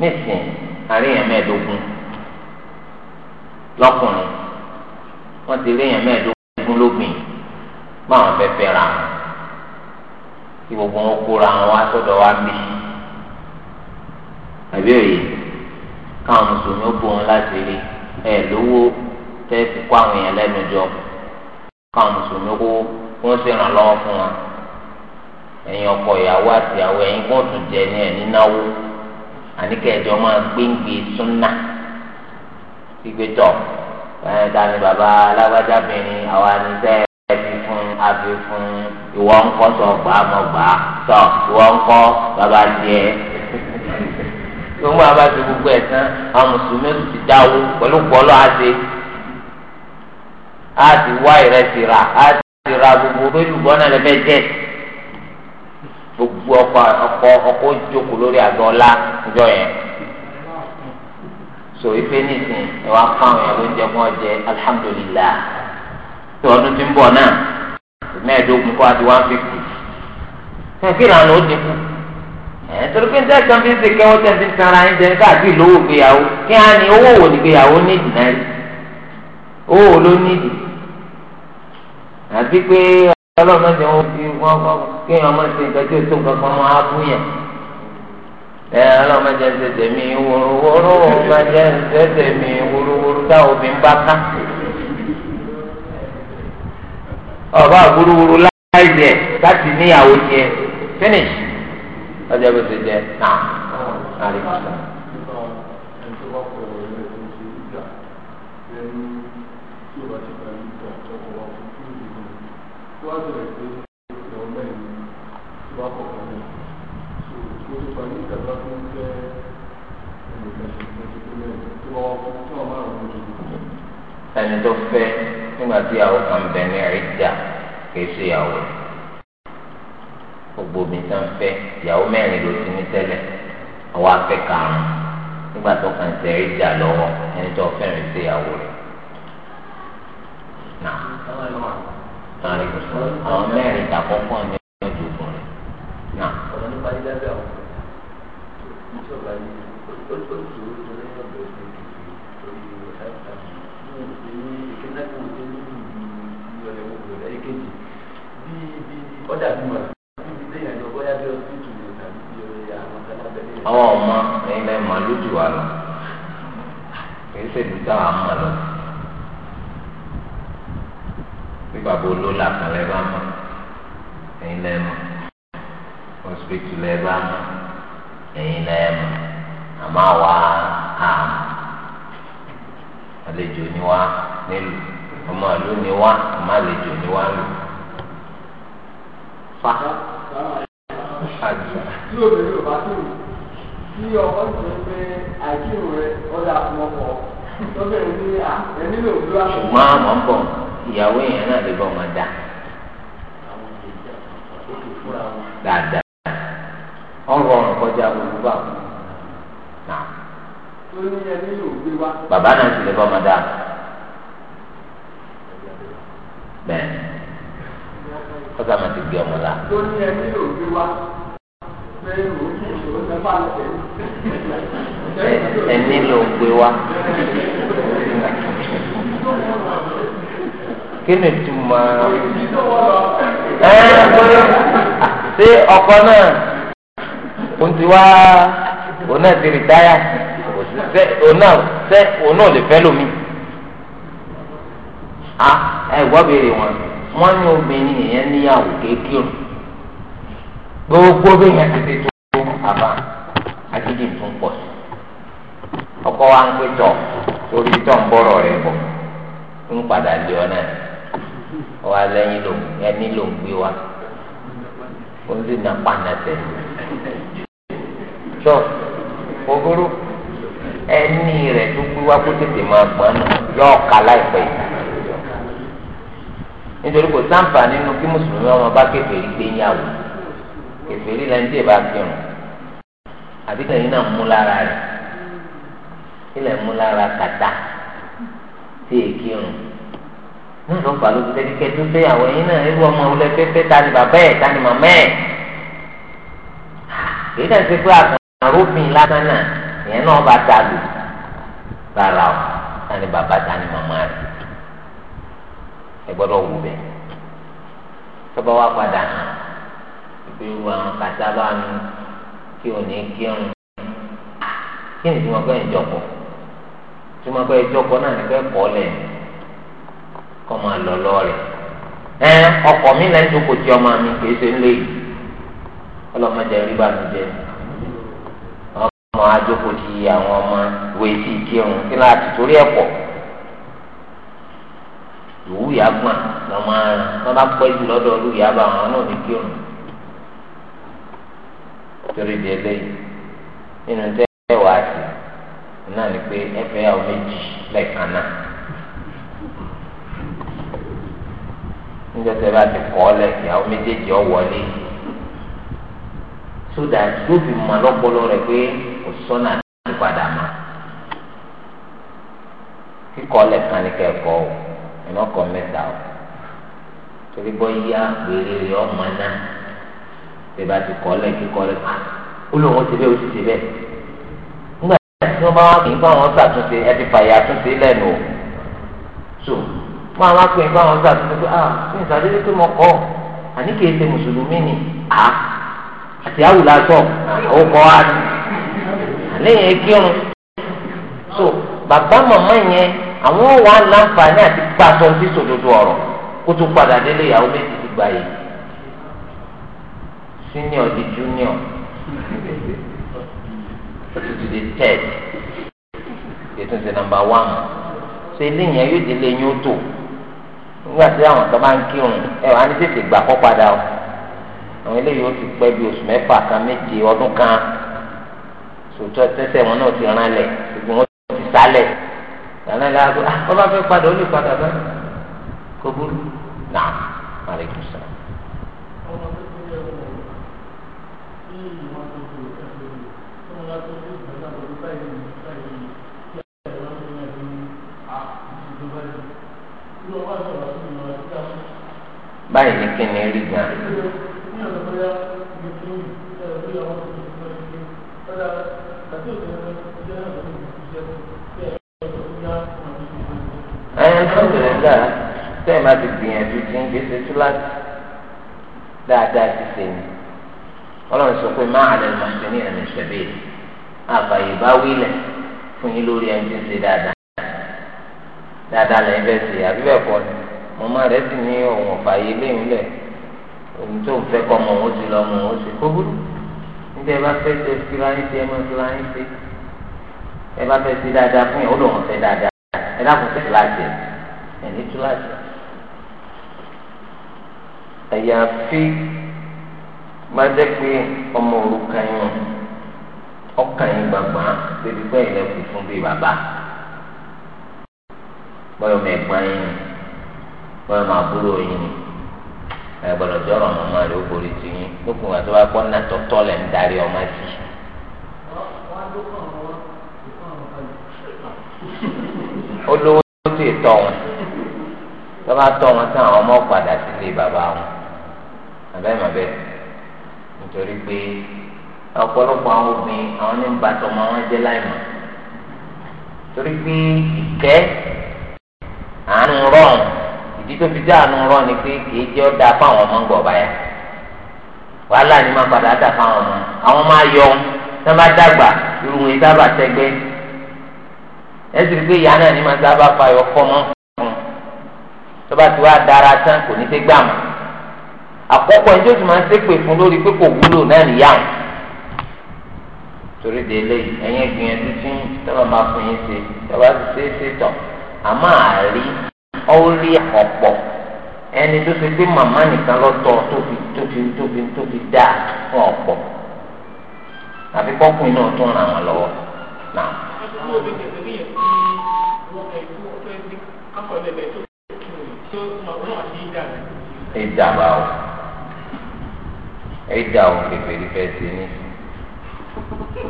nísìn àríyàn mẹ́ẹ̀ẹ́dógún lọ́kùnrin wọ́n ti ríyàn mẹ́ẹ̀ẹ́dógún lóbìn báwọn fẹ́ fẹ́ ra wọn kí gbogbo wọn kóra wọn wá sọ́dọ̀ wa bí àbí òye káwọn mùsùlùmí ó bò wọn láti rí ẹ̀ lówó tẹ́ fi kó àwọn èèyàn lẹ́nu jọ káwọn mùsùlùmí kó kó ń ṣèrànlọ́wọ́ fún wa ẹ̀yin ọkọ ìyàwó àti ìyàwó ẹ̀yin kó tún jẹ ní ẹ̀ nínáwó àníkẹ́jọ máa gbéǹgbé súnà gbígbéjọ ẹ̀ dání bàbá alágbájábìnrin àwa ní sẹ́ẹ̀ ẹbí fún abí fún ìwọ ńkọ́ sọ gbà mọ gbà sọ ìwọ ńkọ́ bàbá tiẹ̀ gbogbo àbá ti gbogbo ẹ̀ tán àwọn mùsùlùmí ti dáwó pẹ̀lú gbọ́lọ́ àti á ti wá ìrẹsì rà á ti ra gbogbo olùgbọ́ náà lẹ́fẹ́ jẹ́ gbogbo ọkọ ọkọ ọkọ jókòó lórí àgọ́ ọlá yẹn so ife nísìn ẹ wá fáwọn ẹ lóúnjẹ mọ jẹ alhamdulillah tí ọdún tí ń bọ̀ náà mẹ́ẹ̀ẹ́dógún kọ́ àti one fifty fẹ́ẹ́ kí ìlànà ó dínkù torí pé níta kan fi ń sèké wọ́n tẹ̀sí sanra ń jẹ káàkiri lówó gbéyàwó kí á ní owó wò ní gbéyàwó ní ìdìnnà rí owó wò ló ní ìdì àti pé ọlọ́run jẹ́ wọ́n fi wọ́n kọ́ kéèyàn máa ṣe nǹkan tí ó tó nǹkan máa fún yàn. ẹ ọlọ́run jẹ́ ṣe tèmi wórówóró máa jẹ́ ṣe tèmi wórówóró táwọn bá ká. ọba wórówóró láì jẹ láti níyàwó jẹ finish ọjọ́ bó ṣe jẹ náà ẹni tó fẹ́ nígbà tí àwọn kan bẹ ní ẹ̀ríjà kìí ṣe ìyàwó gbogbo mi tán fẹ́ ìyàwó mẹ́rin ló ti ní tẹ́lẹ̀ àwọn afẹ́ karùn-ún nígbà tó kàn ṣe ẹ̀ríjà lọ́wọ́ ẹni tó fẹ́ràn ṣe ìyàwó rẹ̀ kan rí àwọn mẹ́rin tàkọ́kọ́ ní ọjọ́ ìbọ̀rẹ̀ náà. ọ̀rọ̀ nípa ilé ẹgbẹ́ àwọn ìjọba yìí ó tó tó tó lé ọ̀dọ̀ ìgbésí torí ẹ̀ka ní ìpínlẹ̀ kan tó ní ìlú ẹ̀rọ ìwòlẹ̀ èkejì bí bí ọ̀dà bí wà bí bí lẹ́yìn àjọ bóyá bí ọtí ìtùnú tàbí bí ọ̀rẹ́ àwọn alábẹ́lẹ́. àwọn ọmọ ẹ̀yin lẹ́ẹ̀ màlúù jù wá lọ kì í ṣèlú táwọn àmọ́ lọ sí bí bàbá olólà kan lẹ bá mọ ẹ̀yin lẹ mọ hospital lẹ bá mọ ẹ̀yin lẹ mọ àmọ́ àwa àmọ́ àlejò ni wá nílùú ọmọ ìlú ni wá àmọ́ àlejò ni wá lù. fa ṣùgbọ́n àwọn ń bọ̀ ìyàwó yẹn náà lè bọ́ ọmọ dà dáadáa ọ̀rọ̀ ọ̀rọ̀ kọjá gbogbo bá wọn náà bàbá náà sì lè bọ́ ọmọ dà bẹ́ẹ̀ kọ́sà máa ti gbé ọmọ la. lórí ẹni gbé wá kíni tuma ẹ pé ṣé ọkọ náà òun ti wá òun náà ti rìtáyà òṣìṣẹ́ òun náà ṣẹ́ òun náà lè lómi a ẹ gbọ́ béèrè wọn wọn ní obìnrin yẹn níyàwó gbogbo bí yẹn ti ti tó àbá pọ̀ sí ọkọ wa ń tọ̀ ọwọ́ alẹ́yìn ló ẹni ló ń gbé wa ó sì nà pàǹdàtẹ̀ tó òhúrú ẹni rẹ̀ tó gbé wa kó tètè máa gbọ́n nù yọ ọ̀ka láìpẹ́ nítorí kò sáǹfà nínú kí mùsùlùmí ọmọ bá kèfèrí gbé yàwó kèfèrí lẹ́ni tí ì bá kírun àbí kẹyìn náà mú lára rẹ̀ ilẹ̀ mú lára kàtá tí èkírun ní ìlú ọ̀fà ló ti lẹ́ni kẹ́tù pé àwọn ẹ̀yin náà irú ọmọ wọlé pépé ta ni bàbá ẹ̀ ta ni màmá ẹ̀ èyí náà ti pé àkànrófin lásán náà ìyẹn náà bá dà lù rárá o ta ni bàbá ta ni màmá rẹ̀ ẹ gbọ́dọ̀ wù bẹ́ẹ̀ tọ́ba wa padà hàn ìpè wà kàtà bá mi kí o ní kírun kí ni tí mo gbọ́ ìjọpọ̀ tí mo gbọ́ ìjọpọ̀ náà ní fẹ́ kọ́ lẹ́yìn. kọ́ máa lọ lọ́ọ̀rẹ̀ ẹ ọkọ̀ mi lẹ́nu tó kò tí ọmọ mi kì ṣe ń lé yìí ọlọ́mọdé rí bá mi jẹ ọmọ àwọn ọmọ ìwé tí ì kí náà ti torí ẹ̀ pọ̀ ìwú yàgbọ́n lọ́mọ ara wọn bá pẹ́ jù lọ́dọ̀ ọdún yàgbọ́ àwọn náà ní kírun torí di níjẹsẹ bá ti kọ ọ lẹ ìyàwó méjèèjì ọ wọlé sódà yóò fi mọ lọpọlọ rẹ pé kò sọnà àti padà mọ kíkọ lẹ kan ní kẹkọ o ẹnà ọkọ mẹ́ta o torí bọ yíyá wèrè rẹ ọmọ náà tẹ bá ti kọ lẹ kíkọ lẹ kan ah, ó lóun ó ti bẹ ó ti ti bẹ nígbà tí wọn bá wà kí n bá wọn ṣàtúnṣe ẹ ti fàyà àtúnṣe lẹ́nu o so máa wá pè é bá wọn gbàgbé pé ah ní ìsàdédé pé mo kọ́ àní kìí ṣe mùsùlùmí ni à àti àwùlà sọ àwọn kọ́ á ní lẹ́yìn ekírun so bàbá màmá yẹn àwọn wà láǹfààní àti gbàtọ́ sí sòdodo ọ̀rọ̀ kó tó padà délé ìyàwó méjì ti gbà yìí senior di junior ó ti di third ètò ìsìn nàmbà one ṣe eléyìí yẹn yóò délé yín tó. nígbà tí àwọn kan bá ń kírun ẹ wà á ní tètè gbà kọ́ padà o àwọn eléyìí ó ti pẹ bí oṣù kan méje ọdún kan wọn náà ti rán lẹ̀ ti sálẹ̀ yàrá ìlà ọba fẹ padà ó lè padà bá kó burú báyìí ní kíni rí gan. ẹyin tó ń tẹ̀lé ńlá sẹ́yìn máa ti gbìyànjú tí ń gbèsè túláàsì dáadáa ti sè ní ọlọ́run sọ pé má àlẹ́ ló máa ń ṣe ní ẹ̀mí ìṣẹ̀bí àbàyè bá wílẹ̀ fún yín lórí ẹni tí ń ṣe dáadáa dáadáa lẹ́yìn bẹ́ẹ̀ ṣe àbí bẹ́ẹ̀ kọ́ ni màmá rẹ̀ sì ní òun ọ̀fà yé léyìn lẹ̀ òun tó fẹ́ kọ́ mọ̀ òun ti lọ mọ̀ òun ti kó burú níta ẹ bá fẹ́ ṣe fúláyín ṣe ẹmọ fúláyín ṣe ẹ bá fẹ́ ṣe dáadáa fún yẹn ó lòun fẹ́ dáadáa ẹ dákun fẹ́ láti ẹ̀ ní tú láti àyàfi gbadé pé ọmọ òrùka yẹn ọkàn yẹn gbàgbà débi pé ilẹ̀ kù fún bíi bàbá bọ́yọ̀ mẹ́gbà yẹn wọn máa búrò yín ni ẹ gbọ́dọ̀ jọ ọ̀rọ̀ ọmọ rẹ ó borí ti yín lókun àti wọn kọ náà tọtọ lẹ ń darí ọmọ sí. olówó tó ti tọ wọn tó bá tọ wọn tán àwọn ọmọ padà sílé bàbá wọn àbẹ́rẹ́ màbẹ́ nítorí pé ọ̀pọ̀lọpọ̀ àwọn obìnrin àwọn ní ń ba tọmọ wọn jẹ́ láì mọ̀ torí pé ìkẹ́ àánú rọrùn ìdí tó fi dáànù rọ ni pé kì í jẹ́ ó dáa fáwọn ọmọ ń báyà wàhálà ni máa padà dà fáwọn ọmọ àwọn máa yọ tó bá dàgbà irun wọn sábà tẹgbẹ́ ẹ rí pé ìyá náà ni máa sábà fàyọ fọmọ fún tó bá ti wá dára tán kò ní í ṣe gbà mọ́ àkọ́kọ́ ẹni tó sì máa ń ṣépè fún lórí pé kò wúlò náà nìyá wọn torí délé ẹ̀yin ìgbìyànjú tí tọ́ba máa fún yín ṣe tọ́ba ti ṣe é ṣe tán àmọ́ àárí ọ̀rí ọ̀pọ̀ ẹni tó fi pé màmá nìkan lọ́tọ̀ tó fi tó fi tó fi tó fi dá fún ọ̀pọ̀ àfi kọ́kùnrin náà tún ràn wọ́n lọ́wọ́ náà. ìdá bá o ìdá o kékeré fẹ́ sí ni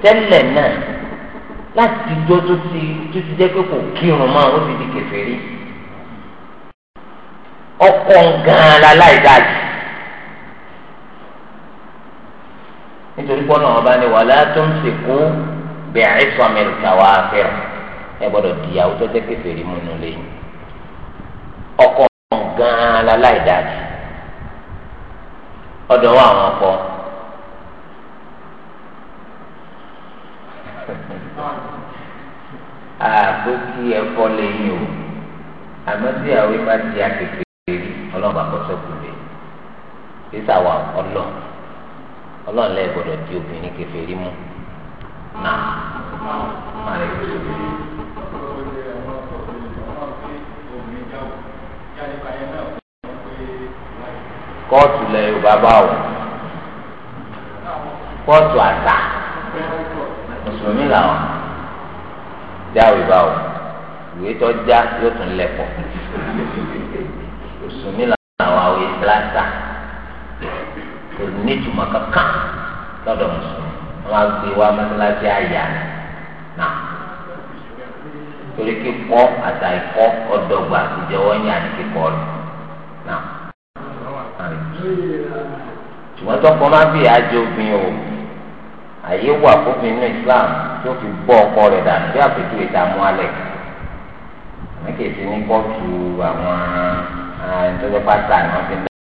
tẹ́lẹ̀ náà láti jọ́ tó ti tó ti jẹ́ pé kò kírun máa ó ti di kèfèrí ọkọ ngan la láì dájú nítorí pé ọ̀nà ọba ni wàhálà tó ń sèkú bẹ̀rẹ̀ sọmẹlì káwá fẹ́ràn ẹ di dìyàwó tó jẹ́ kẹfẹ́rì múnú lẹ́yìn ọkọ ngan la láì dájú ọ̀dọ̀ wa àwọn ọkọ. [LAUGHS] àbókí ẹ̀fọ́ lẹ́yìn o àmọ́ tí àwọn ìbá di àkèké ọlọ́ọ̀bà kọ́sọ́ kù lé sísà wà ọlọ́ ọlọ́ọ̀ lẹ́yìn gbọ́dọ̀ di obìnrin kẹfẹ́ rí mú náà má lè tó o. kóòtù lẹ Yorùbá bá wò kóòtù àtà mùsùlùmí làwọn jáwé bá wò ìwé tó já yóò tún lẹ̀ pọ̀ mùsùlùmí làwọn lásán kò ní ìtumọ̀ kankan lọ́dọ̀ mùsùlùmí wọn á gbé wá mọ́sálásí àyà náà torí kíkọ́ àtàìkọ́ ọ̀dọ́gba ìjẹ́wọ́ yàn ní kíkọ́ rẹ̀ náà. ṣùgbọ́n tó kọ́ máa ń fìyà jẹ obìnrin o àyè wà fófin ní Islam tó fi bọ́ ọkọ rẹ̀ dànù bí àpètù ìdààmú alẹ̀ mẹ́kẹ̀ẹ́sì ní kóòtù àwọn ah, ẹ̀ńtọ́jọ́ pátá ni wọ́n fi ń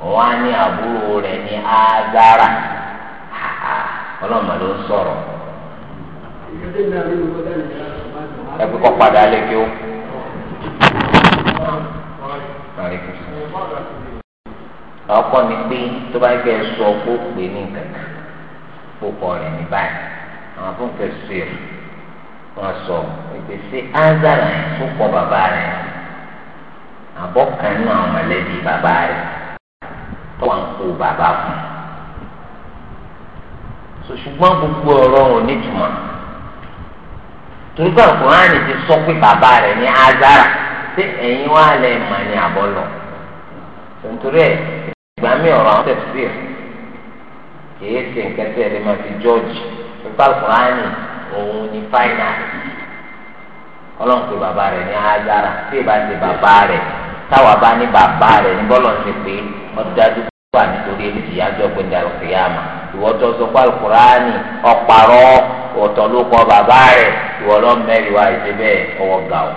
wọn á ní àbúrò rẹ̀ ní ádára ọlọ́mọ ń sọ̀rọ̀ ẹ pé kọ́ padà lé kí ó. ọkọ ni pé tó bá gbẹ sọ kó pè ní kankan kó kọ rẹ ní báyìí àwọn fún kẹsì rẹ wọn sọ ìgbésí ázàrà yẹn tó kọ bàbá rẹ àbọkàn náà mọ̀lẹ́bí bàbá rẹ wà ń kó bàbá fún un ṣùgbọ́n gbogbo ọ̀rọ̀ ò ní túmọ̀ torí pé àkùránì ti sọ pé bàbá rẹ̀ ní azara ṣé ẹ̀yin wá lẹ̀ mà ní àbọ̀lọ̀ nítorí ẹ̀ ìgbà mi ọ̀rọ̀ àwọn tẹ̀sí kìí ṣe nǹkan tẹ̀ lè máa fi jọ́ọ̀jì nípa àkùránì òun ní fáìnàlì ọlọ́run pé bàbá rẹ̀ ní azara tí ì bá ti bàbá rẹ̀ táwa bá ní bàbá rẹ̀ ní bọ́lọ̀ ṣe pé ọ̀dájú wà nítorí ìyájọ́ gbẹ̀dẹ̀ àlùkìyàmà ìwọ́tọ̀ sọ pé alukurani ọ̀pàrọ̀ ọ̀tọ̀ ló kọ bàbá rẹ̀ ìwọ́ lọ mẹ́rin wá ìṣe bẹ́ẹ̀ ọwọ́ ga o.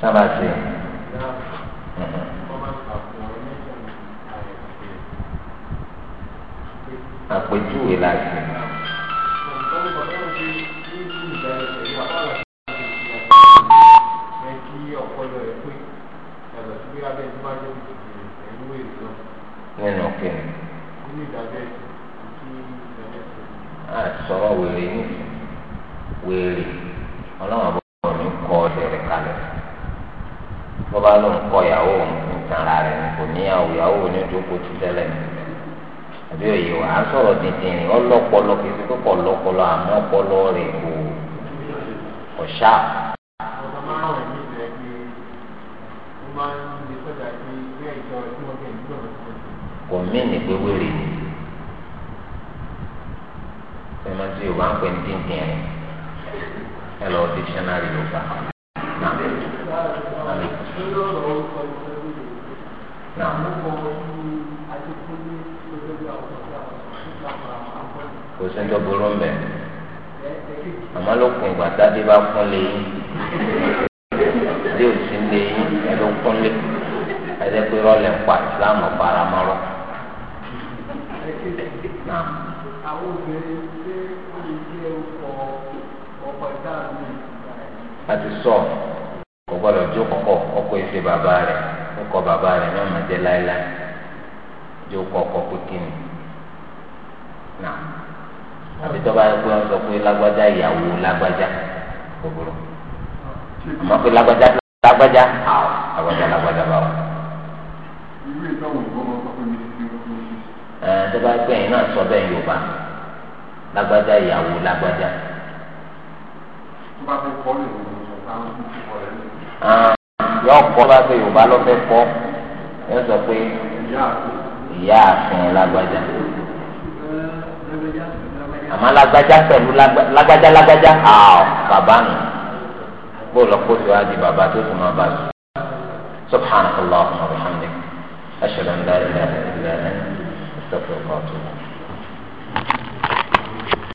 sábà ṣe. àpèjúwe la ṣe. nínú kìnnì. àìsọ̀rọ̀ wèrè ní wèrè ọlọ́run àbúrò ní kọ́ ọ̀dẹ̀rẹ̀ kalẹ̀ bó bá ló ń kọ́ ìyàwó ń tanra rẹ̀ kò níyàwó ìyàwó ní ojókòó ti tẹ́lẹ̀ àbí òye wa sọ̀rọ̀ dídìrín ọlọ́pọlọ kìí sí pé pọ̀lọpọlọ àmọ́ ọpọlọ rẹ̀ kò kò ṣáà. kò mìíní pé wéèrè ni ẹ̀ma tí Yorùbá ń pè ní díndín ẹ̀ ẹ lọ dictionary Yorùbá náà náà kò sí ní ọgbọ́rọ́ ń bẹ̀ àmọ́ ló kún ìgbà dáadé bá kún lé yín dé òsín lé yín ẹ ló kún lé ẹ jẹ́ pé rọ́ọ̀lẹ̀ ń pa ìsìláàmù paramọ́rọ́. náà àwọn obìnrin ṣé ó ụkọ jẹ́ ọkọ̀ ọkọ̀ ìdáhùn sọ kò gbọ́dọ̀ jókòó ọkọ ìṣe bàbá ọkọ bàbá rẹ̀ náà máa ọkọ pínpín na àbí tọ́ba yẹ pé sọ pé lágbájá ìyàwó lágbájá gbogbo ẹ tó bá gbẹ yín náà sọ bẹ́ẹ̀ yorùbá lágbájá ìyàwó lágbájá. yọ ah, kọ́ bá pé yorùbá ló fẹ́ kọ́ ẹ sọ pé ìyá àfin lágbájá àmọ́ lágbájá pẹ̀lú lágbájá lágbájá àwọ̀ bàbá nù bó lọ kó tó a di bàbá tó tó máa bá sùn. سبحانك اللهم وبحمدك أشهد أن لا إله إلا أنت تفرماتنا